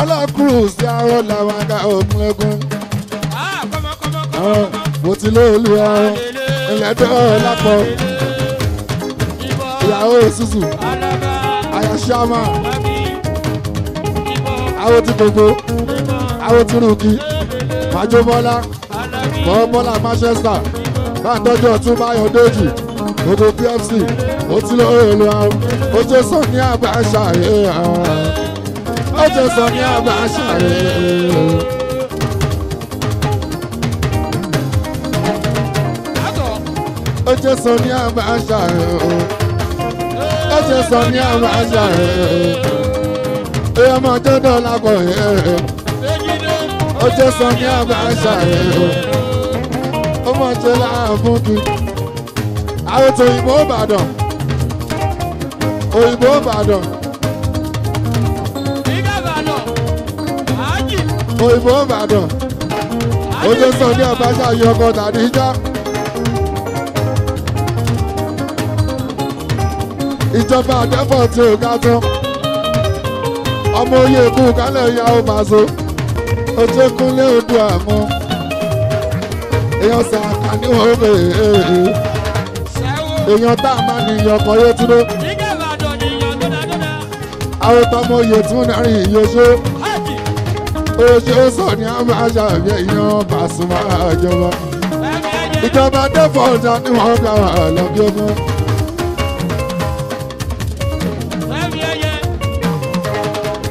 ọlá cruise ti arọ làwọn aga òkun ẹkún mo ti lé olúwa ẹlẹ́dọ́ lápọ̀ ìyàwó òṣùṣù àyàṣámà àwọn ti gbogbo àwọn ti rúkì májọ́mọ́lá fọ́mọ́là Manchester bàtọ́jú ọ̀tún báyọ̀ dèjì gbogbo PFC ó ti lọ èlò àwọn ó jẹ́ sọ ní àgbà ṣàyè ó jẹ́ sọ ní àgbà ṣàyè. ó jẹ́ sọ ní àgbà ṣàyè ó jẹ́ sọ ní àgbà ṣàyè èèyàn máa jẹ́ dọ́là kọ̀ ó jẹ́ sọ ní àgbà ṣàyè mọ̀ṣẹ́lá àfúndù àwọn tó òyìnbó ìbàdàn òyìnbó ìbàdàn òyìnbó ìbàdàn ojú sọ ní ọbaṣà yọ ọkọ tàbí ìjà. ìjọba àdẹ́fọ̀ tí ò ga tán ọmọ oyè kú kálẹ̀ ya ó máa ojú kúnlé odò àmọ́ èèyàn sàkà ní òwe èèyàn tá a máa nìyàn kan yóò túnú. àwọn tọmọ oyè tún dárin ìyẹsọ oṣù sọ ni a máa ṣàbíyẹ èèyàn Pasuma àjọba ìjọba dẹ́fọ̀ ọjà ni wọ́n gbà wà lọ́bí ọmọ.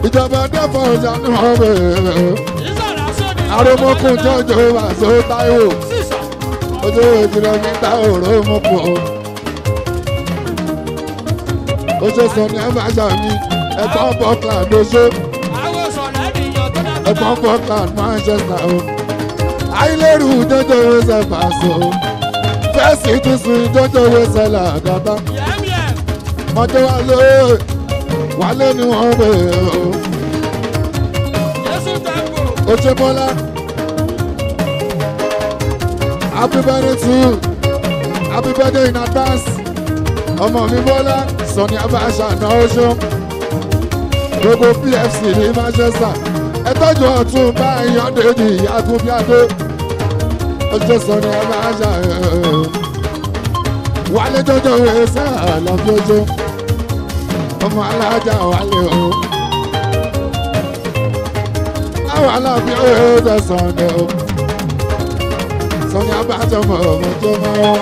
ìjọba dẹ́fọ̀ ọjà ni wọ́n bẹ̀rẹ̀ àròmọkùn jọjọ wà sóò Táíwò ojú kìlómítà òró mú pọ̀. oṣù sọ̀ni àbájá mi ẹ̀fọ́ bọ́kà lóṣù. ẹ̀fọ́ bọ́kà Manchester o. ayílẹ́rù jọjọ wẹsẹ̀ pàṣọ. fẹ́ẹ̀sì tuntun jọjọ wẹsẹ̀ làgàtà. mọ́tò wà lóye wálé ni wọ́n bẹ̀rẹ̀ o. oṣù bọ́lá happy birthday to you happy birthday in advance Omo mi bọ́lá sọ̀ni abáṣà náà ṣó gbogbo pfc ní manchester ẹ tọ́jú ọ̀tún bá ìyọ́ndéjì ìyá tó bí adó ọjọ́ sọ̀ni abáṣà wálé jọjọ rẹ sáà àlàfíọjọ ọmọ alájà wálé o àwọn aláfíọjọ sọ̀ni o lásán ní abátọmọ ọmọ tó mọ.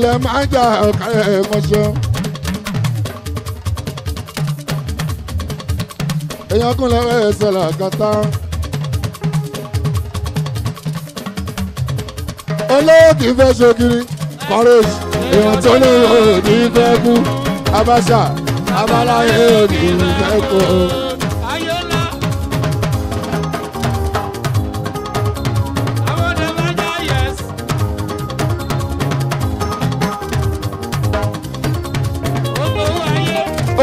lẹ máa ń jà ọ̀kàrẹ̀ mọ́ṣọ́. èèyàn kún lọ́wọ́ ẹ̀sẹ̀ làkàtà. olóògì fẹ́ ṣogiri courage èèyàn tó lè òdì fẹ́ kú abáṣà abáláyé òdì fẹ́ kú.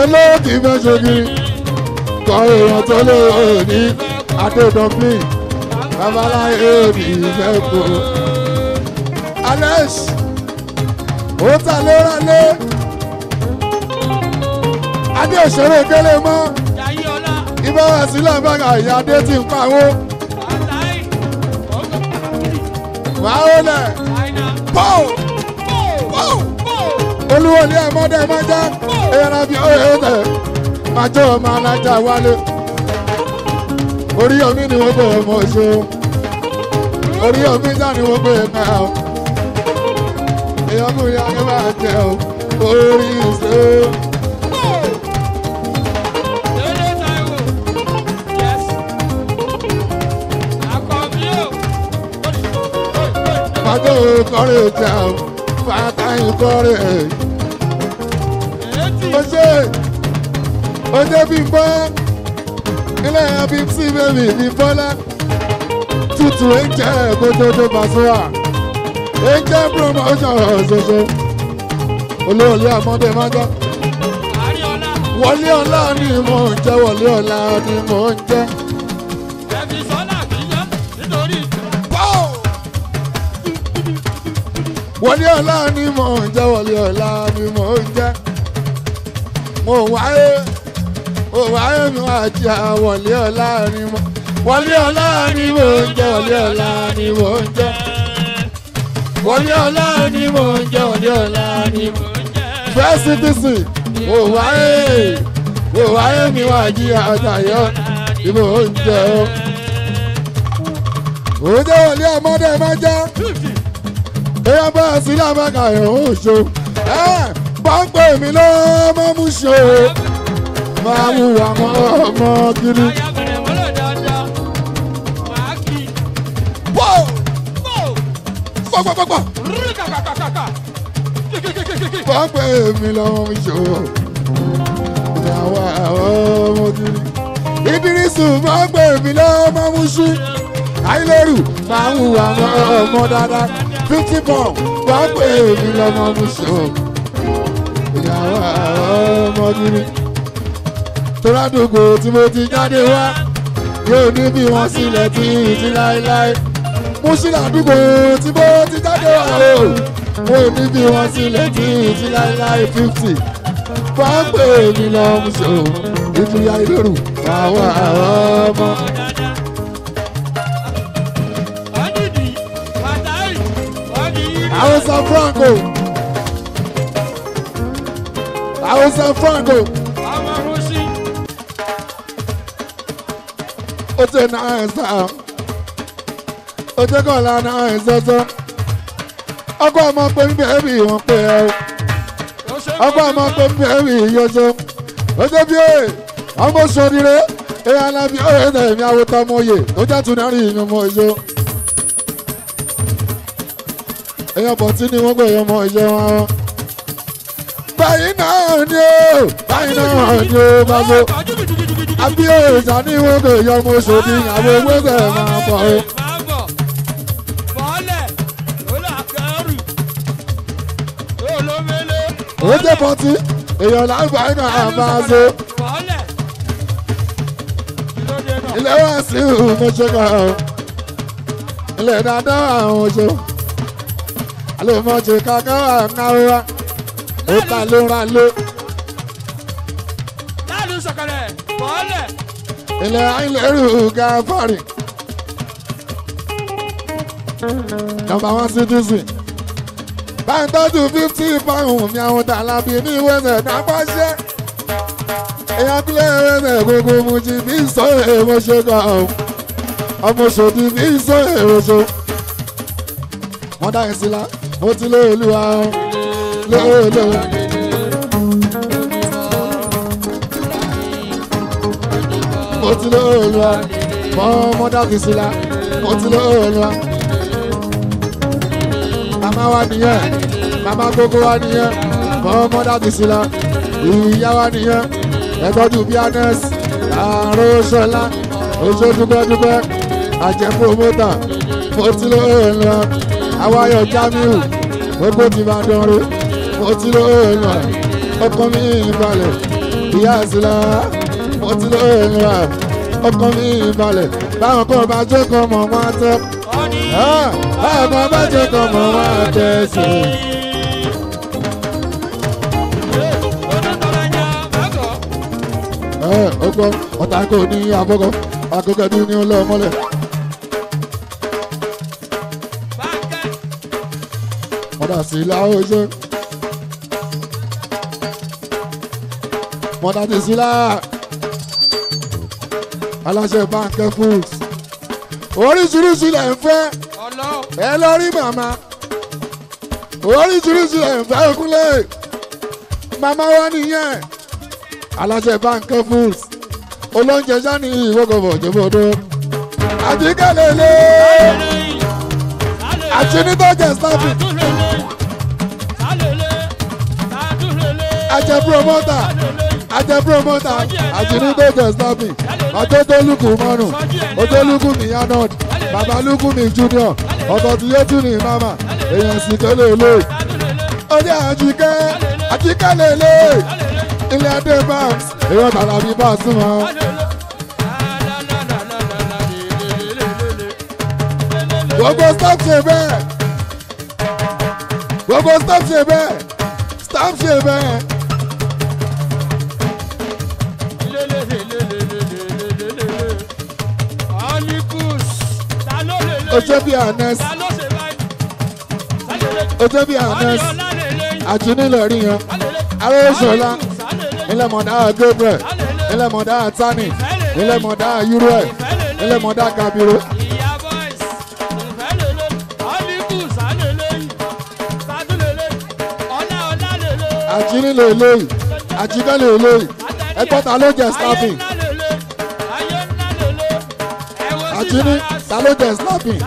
olówó ti fẹ́ ṣogi kọ èèyàn tó lówó ní adédọ́gbìn babaláyé òní ìfẹ́ kó. alex ó ta léralé adé òṣèré kélé mọ́ ìbáwá sílẹ̀ bàgà ìyá adé ti ń pawó. wàá ó lẹ̀ olúwo ni ẹ̀ mọ́dẹ̀ mọ́já ẹ̀rọ̀bí òye tẹ̀ màjọ́ ọmọ alájà wálé orí omi ni wọ́n gbé ọmọ ṣe orí omi dá ni wọ́n gbé ẹ̀ka o èèyàn kò yá ẹ máa jẹ o orí ìṣe. Màjọ́ kọ́rin ìjà o fàtà ìkọ́rin. ọjọ́ bí gbọ́ ilé ẹbí tí bèbí ní bọ́lá tútù ń jẹ́ gbódódó bàṣọ́wà ń jẹ́ promotion ṣoṣo olóòlé àmọ́dé mágá wọlé ọlá ni mò ń jẹ́ wọlé ọlá ni mò ń jẹ́. wọlé ọlá ni mò ń jẹ́ wọlé ọlá ni mò ń jẹ́ mo wáyé òwà èmi àti àwọ̀lé ọ̀la ni mo wọlé ọ̀la ni mo ń jẹ wọlé ọ̀la ni mo ń jẹ wọlé ọ̀la ni mo ń jẹ wọlé ọ̀la ni mo ń jẹ first citizen òwà èmi òwà èmi àti àtàyọ ni mo ń jẹ o òjò wọlé ọmọdé máa jẹ èèyàn bá a sílẹ̀ àbákà ẹ̀ ń ṣo ẹ̀ bọ́ńpẹ̀ mi ló mọ́ mú ṣo máa wúwa mọ́ ọmọ kiri. pọ̀pọ̀pọ̀pọ̀. pọ́pẹ́ mi lọ́wọ́ ìṣòwò ìyàwó àwọn ọmọ kiri. ìdírísù pọ́pẹ́ mi lọ́wọ́ máa mú sí. àìlérù máa wúwa mọ́ ọmọ dáadáa. fifty pound pọ́pẹ́ mi lọ́wọ́ mú sí. ìyàwó àwọn ọmọ kiri torádùgbò tí mo ti jáde wá yóò ní bí wọ́n sílẹ̀ tí ìdí láéláé mo tí mo ti jáde wá o mo ní bí wọ́n sílẹ̀ tí ìdí láéláé fifty fáńpẹ́ mi lọ́mú ṣòwò ìjìyà ìlérò àwọn àwọn ọmọ. àwọn franco àwọn franco. oche na-esa ojekọla na-esọsọ ọkọ̀ ọmọ pé ń bẹ̀rẹ̀ ìwọ̀n pé ẹ o ọkọ̀ ọmọ pé ń bẹ̀rẹ̀ ìyọ̀sọ ojú bí ó ọmọ sọdire ẹ̀yà alábi ó yẹ ẹ̀mí awotọ́ ọmọ oyè tó jẹ́ tunari ìyọ̀ ọmọ ìyọ̀ èèyàn bọ̀ tí ni wọ́n gbé ọmọ ìyọ̀ wọn báyìí náà ni ó báyìí ni ó bá àbí òòjà ní wọ́gẹ̀ yọ mo ṣòbí àwọn wọ́gẹ̀ máa bọ̀ o. ó pọtí èèyàn lágbàá náà máa ilé wa sí ìmọ̀ṣẹ́gà o ilé dáadáa àwọn oṣù àlè mọ̀ṣẹ́ kankan wà náà wá ó ta ló ra ló. ilẹ̀ àìlérú gáfárì. nọ́mbà wọn cdc báńtọ́jú fifty pound mi àwọn tàlàbí ní wẹ́sẹ̀ dábàṣẹ́ èèyàn kílẹ̀ wẹ́sẹ̀ gbogbo mu jí bí sọ̀rọ̀ èèmọ̀ ṣe kọ̀ ọmọ ṣòdì bí sọ̀rọ̀ èèmọ̀ ṣe. wọ́n dá ìsìlá ó ti lé olúwa ó lé olúwa. ti lóòlùwà mọ mọdà kìsìlá ó ti lóòlùwà. màmá wa nìyẹn màmá gbogbo wa nìyẹn mọ mọdà kìsìlá ìyá wa nìyẹn ẹgbọ́dù bíánẹ́s àárọ̀ ṣọlá ojú dúpẹ́dúpẹ́ àjẹmú mọ́tà mo ti lóòlùwà àwáyọ̀ jamiu gbogbo ti bá dán rí mo ọkọ mi balẹ̀ ìyá àṣìlá forty lóyún wa ọkàn mi balẹ̀ báwọn kan bá jẹ́ kọ́ mọ̀ wá tẹ́ báwọn kan bá jẹ́ kọ́ mọ̀ wá tẹ́ sí i. ọgbọ́ ọ̀tá kò ní abọ́gọ́ akókẹ́dú ní ọlọ́mọlẹ̀. mọ́dà sí láhóṣe. mọ́dà ti sí láà aláṣẹ Banke Foods oríṣiríṣi lẹ̀ ń fẹ́ ẹ lọ rí màmá oríṣiríṣi lẹ̀ ń fẹ́ kúnlẹ̀ màmá wa nìyẹn aláṣẹ Banke Foods olóúnjẹ sani ìwọ́gọ̀bọ̀ jẹ́bọ̀dọ́ àti kẹlẹ́lẹ́ àti nítọ́jẹ̀ staffing àjẹ promoter ajẹ́ promoter àjìnígbé gẹ̀sìtàbì àtọ́tọ́lùkù mọ́nù ọtọ́lùkù mi yanod babalùkù mi junior ọ̀tọ̀tìyẹ́tù ni mama èèyàn sì kélé olè ọdẹ àjíkẹ́ àjíkẹ́ lélẹ̀ ilé adé banks èèyàn tàlàbí bá a sún wọn. gbogbo staff ṣe bẹ́ẹ̀ gbogbo staff ṣe bẹ́ẹ̀ staff ṣe bẹ́ẹ̀. ojú bí anes ojú bí anes àjùnílẹ̀ rí yan arósọ̀lá ilẹ̀ mọ̀dá gabriel ilẹ̀ mọ̀dá tani ilẹ̀ mọ̀dá uruel ilẹ̀ mọ̀dá gabiro. àjùnílẹ̀ eléyìí àjùnílẹ̀ eléyìí ẹgbọ́ta ló jẹ́ staffing àjùní ta ló jẹ snapping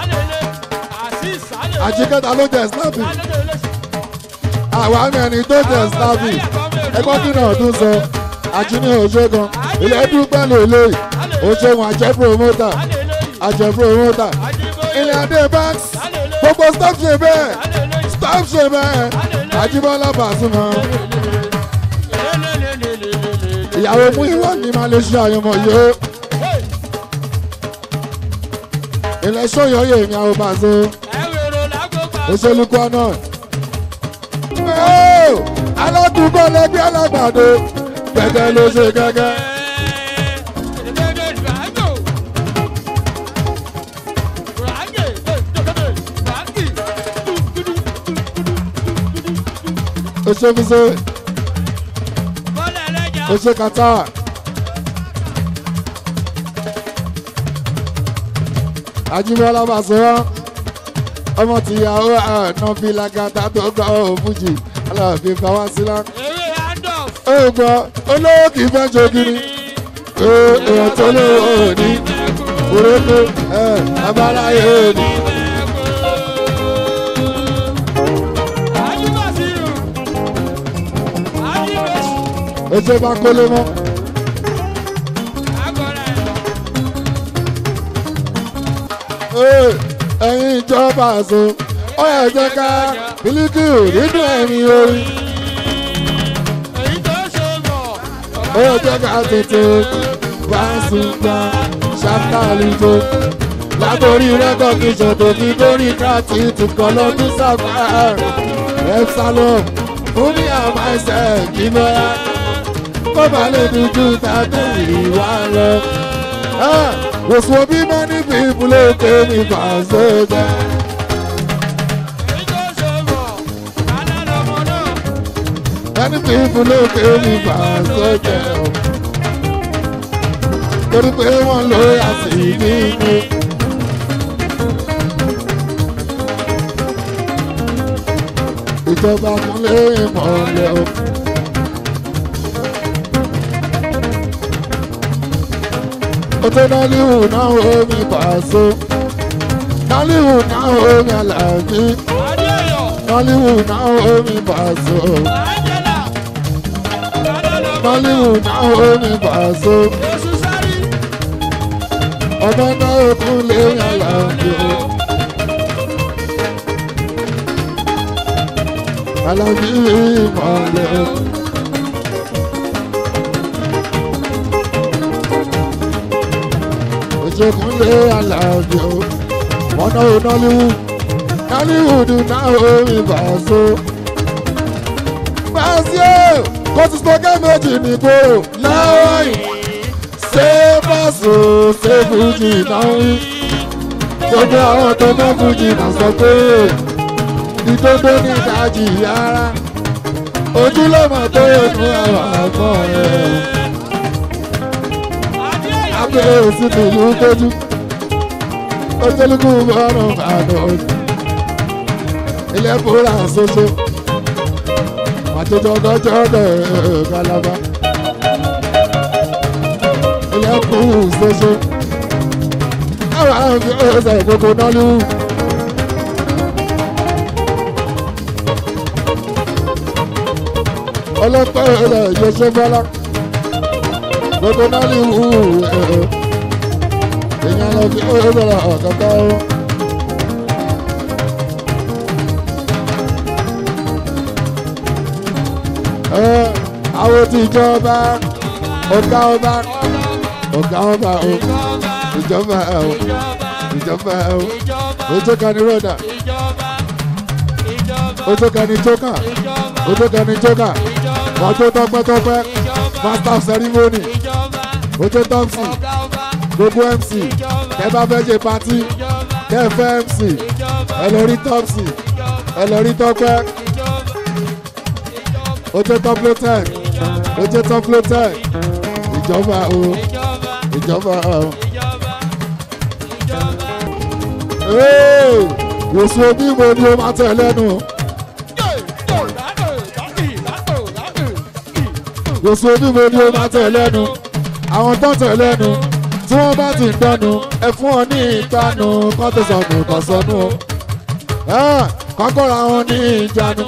àjíkẹ́ ta ló jẹ snapping àwa mẹ́rin tó jẹ snapping ẹgbọ́n kí náà tún sọ àjíní òṣègùn ilẹ̀ dúpẹ́ lòlè òṣègùn àjẹ́ promoter àjẹ́ promoter ilẹ̀ adé banks gbogbo stop ṣe bẹ́ẹ̀ stop ṣe bẹ́ẹ̀ àjíbọ́lá Pasuma ìyàwó mú ìwọ ní Malaysia àyànmọ́ yìí ó. ilẹ̀ sọ́yọ́ yẹ̀ ní àwọn bàzó òṣèlú kọ́nà. aládùúgbò lẹ́gbẹ́ alágbàdo gẹ́gẹ́ ló ṣe gẹ́gẹ́. Ose kuse. Ose kata. àjùmọ̀lá bá sọ́wọ́ ọmọ tìyàwó àná fi làgàtà tó gbà ó fújì aláàbí fáwá sílá. ewé adolf. ó gbọ́ olówó kì í fẹ́ jogiri èèyàn tó lówó òní òrókè abáláyé òní. ẹsẹ̀ bá kólé mọ́. ẹ̀yin ìjọba àṣọ ó yẹ jẹ́ ká Bílíkìlù nínú ẹ̀mí orin. ó yẹ jẹ́ ká tuntun bá ń sùn gbà ṣàtàlì tó látòrí rẹ́kọ̀dì ṣòtò kí lórí kíláàsì ìtùkọ̀ lọ́dún sáfàá epsilon fún ní àwọn ẹsẹ̀ kó bá lè dúdú tàbí ìwà lọ. Ah! Just for be many people who came in Passover. Many people who came in Passover. Torí pé wọ́n lọ àṣì nínú. Ìjọba kúnlé ìmọ̀lẹ́ o. Ote Nollywood náà omi Paso. Nollywood náà omi Alabi. Nollywood náà omi Paso. Nollywood náà omi Paso. Ọmọ náà okun lè yàn Alabi o. Alabi ìmọ̀lẹ́ o. ṣe Kúnlé Àlàbí o mọ́nà o Nollywood Nollywood náà o ìbàṣọ. Báṣí o kó ti sọ gẹ́mẹ̀jì nìkó láwọn yìí ṣé báṣọ ṣé fújì náà rí. Gbogbo àwọn tó mọ́ fújì náà sọ pé ìdodo ní ìdajì yàrá ojúlọ́mọ tó yẹ fún àwọn àgbọ̀n rẹ̀ bẹ̀rẹ̀ sí tìlú kójú ojúlùkùn bọ́ọ̀rùn bàdàn òjò ilé búra ṣoṣo àtijọ́ ọdọ́jọ́ ọdọ̀ kalaba ilé kùn ṣoṣo àwọn àmì ọ̀sẹ̀ ìkókó nọ́lú. ọlọ́pàá ẹ̀rọ ìyẹsẹ̀ bọ́lá gbogbo nọ́ọ̀lì wù ú èèyàn lọ sí ó bẹ̀rẹ̀ ọ̀kọ̀ọ̀kọ̀ ó. àwọn ti ìjọba ọ̀gá ọba ọ̀gá ọba o ìjọba ẹ o ìjọba ẹ o ojókà ni rọ́dà ojókà ni jókà ojókà ni jókà wọ́n tó tọ́pẹ́tọ́pẹ́ master ceremony. Ojo Thompson gbogbo MC tẹ bá fẹ́ ṣe patí tẹ fẹ́ MC ẹ lọ rí Thompson ẹ lọ rí Tọ́pẹ́ Ojo Tọ́pẹ́ Ojo Tọ́pẹ́ ìjọba o ìjọba o. Wòsàn bí mo ni o máa tẹ̀ lẹ́nu. Wòsàn bí mo ni o máa tẹ̀ lẹ́nu àwọn tó ń tẹ̀ lẹ́nu tí wọ́n bá ti ń dánú ẹ fún ọ ní ìtanu kọ́ tó sọnù kọ́ sọnù o kọ́kọ́ra wọn ní ìjánu.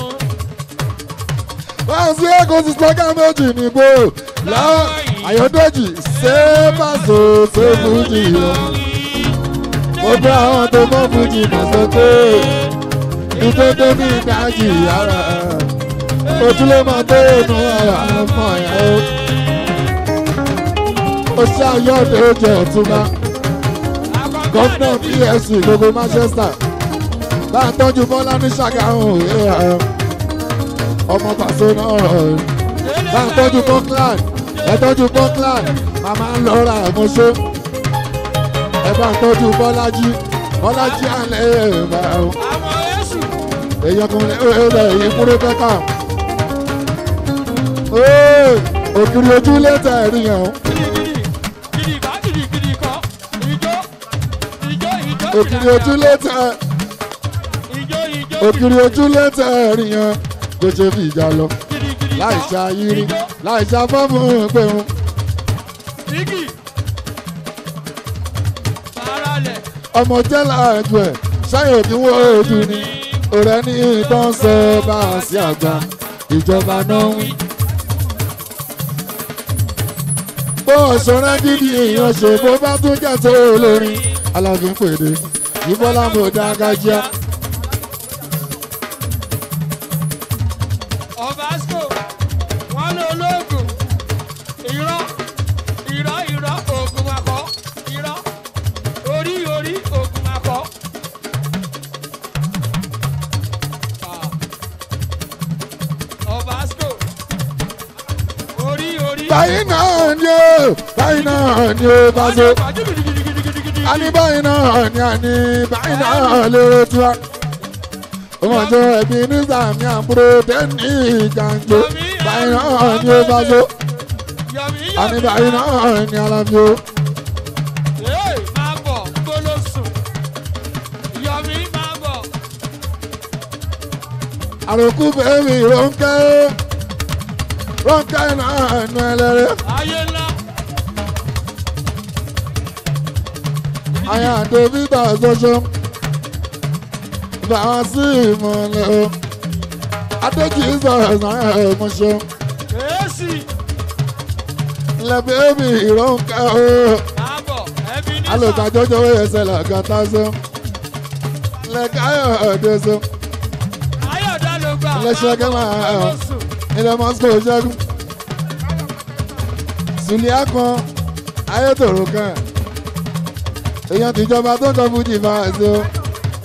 báwo sí èkó ti sọ́gà méjì nìbò láwọn àyọ̀dẹ́jì ṣé pàṣẹ ṣé fújì o. mo bá àwọn tó mọ́ fújì mọ̀ sókè ìtòtò ní ìdájì yàrá ojúlé máa tó ènù àwọn ọmọ ìyàwó oṣù ayọ̀dẹ̀ oúnjẹ ọ̀túnmá gọ́fúnà psc gbogbo manchester bá a tọ́jú bọ́lá ní ṣàgáhùn ọmọ pàṣẹ náà bá a tọ́jú buckland ẹ tọ́jú buckland màmá ń lọ́ra àmọ́ṣe ẹ bá a tọ́jú bọ́lájí bọ́lájí àlẹ́ ẹ̀ bá a. èèyàn kan lè yí kúrò pẹ́ka òkìrì ojú lẹ́tà ẹ̀ríyàn. òkìrì ojú lẹ́tẹ̀ òkìrì ojú lẹ́tẹ̀ ẹ̀rìn yẹn kò ṣe fi ìjà lọ láì ṣe ayírí láì ṣe afọ́mù pẹ̀hún. ọmọ jẹ́lá ẹ̀dùn ẹ̀ ṣáyẹ̀ òdìwọ́ èdùn ni ọ̀rẹ́ ní ìtàn sọ bá a sí àgbà ìjọba náà wí. bó ọ̀ṣọ́rẹ́ dídì èèyàn ṣe bó bá tún jẹ́ tó olórin alágún fèrè ìbọ́lá mo dágájá. ọ̀básíkò wọn lọ lóògùn irọ́ irọ́ irọ́ oògùn akọ irọ́ orí orí oògùn akọ. ọ̀básíkò ah. orí báyìí náà ni ó báyìí náà ni ó bá so àníbáyìí náà ani àníbáyìí náà lérò tiwa. ọmọ tó ẹbí ní sàmì àbúrò tẹ́ni ìjàngbò báyìí náà ni ó bá so. àníbáyìí náà ni alábí ó. àròkù bẹ́ẹ̀ mi Rónkẹ́ Rónkẹ́ náà nu ẹlẹ́rẹ́. àyà dèbítà ṣoṣo làwọn sí ìmọ̀lẹ́ o adéjì sọ̀rọ̀ sọ̀rọ̀ ẹ̀mọ́ṣọ́ lẹ́bí ẹ̀mí ìrọ̀ǹkà o alòtàjọ́jọ́ ẹsẹ̀ làkàtà sọ lẹ́káyọ̀ ọ̀dẹ́ sọ lẹ́ṣẹ́gẹ́ máa ilẹ̀ mọ́sùkò ṣẹ́gun sùlíà kan ayétòrò kan èèyàn tìjọba tó jọ fújì máa ṣe o.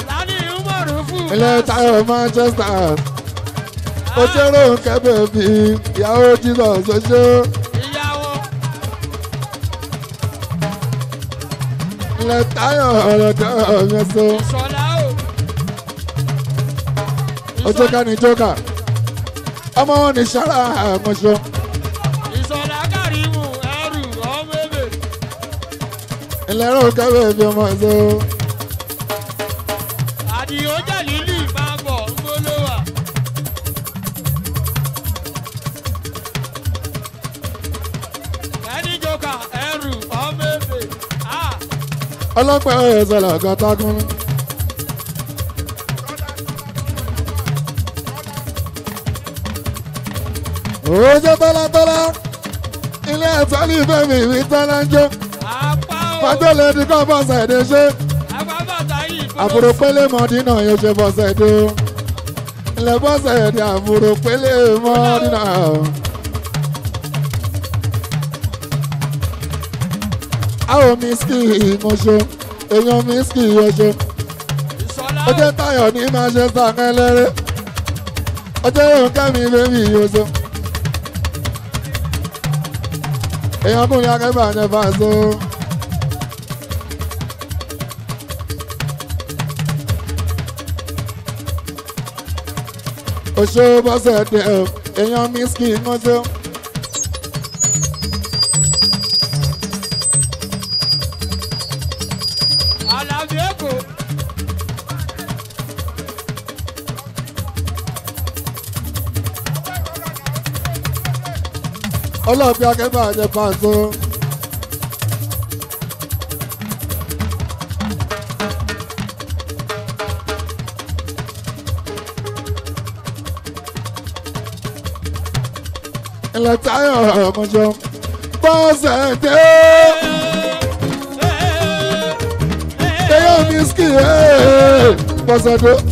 Lálẹ́ ìhùmọ̀rún fún. ilé Táyọ̀ Manchester ó ṣeré òǹkẹ́ bèbí ìyàwó Jesus ṣoṣo. ìyàwó. ilé Táyọ̀ ọ̀rọ̀ tẹ́wọ̀ yẹn ìṣọ̀lá o. ó ká ní jókà ọmọ wọn ní sára àmọ́ṣọ́. ìlẹ́rọ̀ kẹ́wé fi ọmọ ṣe o. àdìo jàlílì máa bọ̀ gbólóhà. ẹni jọkà ẹrù ọmọ èfè. ọlọ́pàá ẹ̀ sọ̀rọ̀ ọ̀gá tákùn. jẹ́ tọ́lá tọ́lá ilé ẹ̀sán ní ìfẹ́ mi ìwé tọ́lá ń jẹ́ àpàtẹ́lẹ̀ ti kọ́ bọ́sẹ̀ dé ṣe. àbúrò pélé mọ́dínà yóò ṣe bọ́sẹ̀ dé o. ilẹ̀ bọ́sẹ̀ dé àbúrò pélé mọ́dínà o. àwọn mísíkì mo ṣe èèyàn mísíkì yóò ṣe. ó jẹ́ táyọ̀ ní máa ṣe sàkẹ́lẹ́rẹ́. ó jẹ́ òǹkẹ́ mi bébì yóò ṣe. èèyàn kún yàgẹ́ bàjẹ́ bàjẹ́ o. oṣó bọ́sẹ̀ dẹ o èèyàn mísíkì ńgọ́jọ́. Àlàbí Èkó. ọlọ́ọ̀bí akẹ́fà jẹ pàǹtó. Lọ́táyọ̀ Ọmọjọ́ bọ́sẹ̀ dé o. Ẹyọ́ mi skin bọ́sẹ̀ dé o.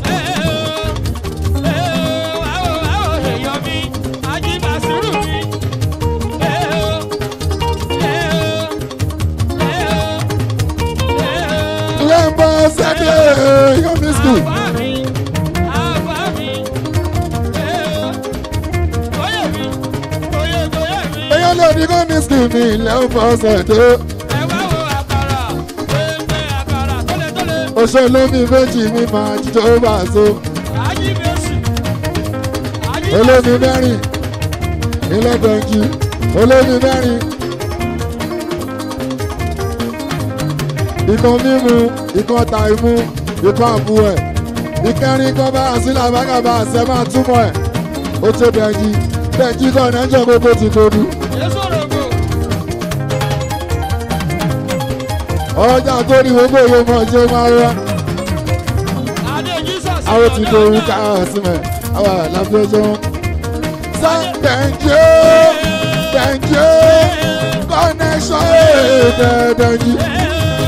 mi ilẹ̀ ó fọsẹ̀ dé. ẹ wá wo àkàrà pépé àkàrà tólétólé. oṣó lómi méjì mi máa jíjọ bá a so. ayé méjì. olómi mẹ́rin ilé dọ̀njì olómi mẹ́rin. ìkan mímu ìkan ta imú ìkan àbú ẹ̀ ìkẹrin kan bá àsìlà bákàbà àṣẹ máa túmọ̀ ẹ̀ ó ṣe dẹ̀njì dẹ̀njì náà jẹ́ gbogbo ti kodu. yéṣọ́rọ̀. ọjà tó ní gbogbo owó mọ̀ ṣe máa rọ. àwọn ti do orúkọ àwọn àṣìmẹ̀ àwọn àlàfíà ṣe wọn. sọ thank you thank you connection dẹ̀dẹ̀ eh, yìí.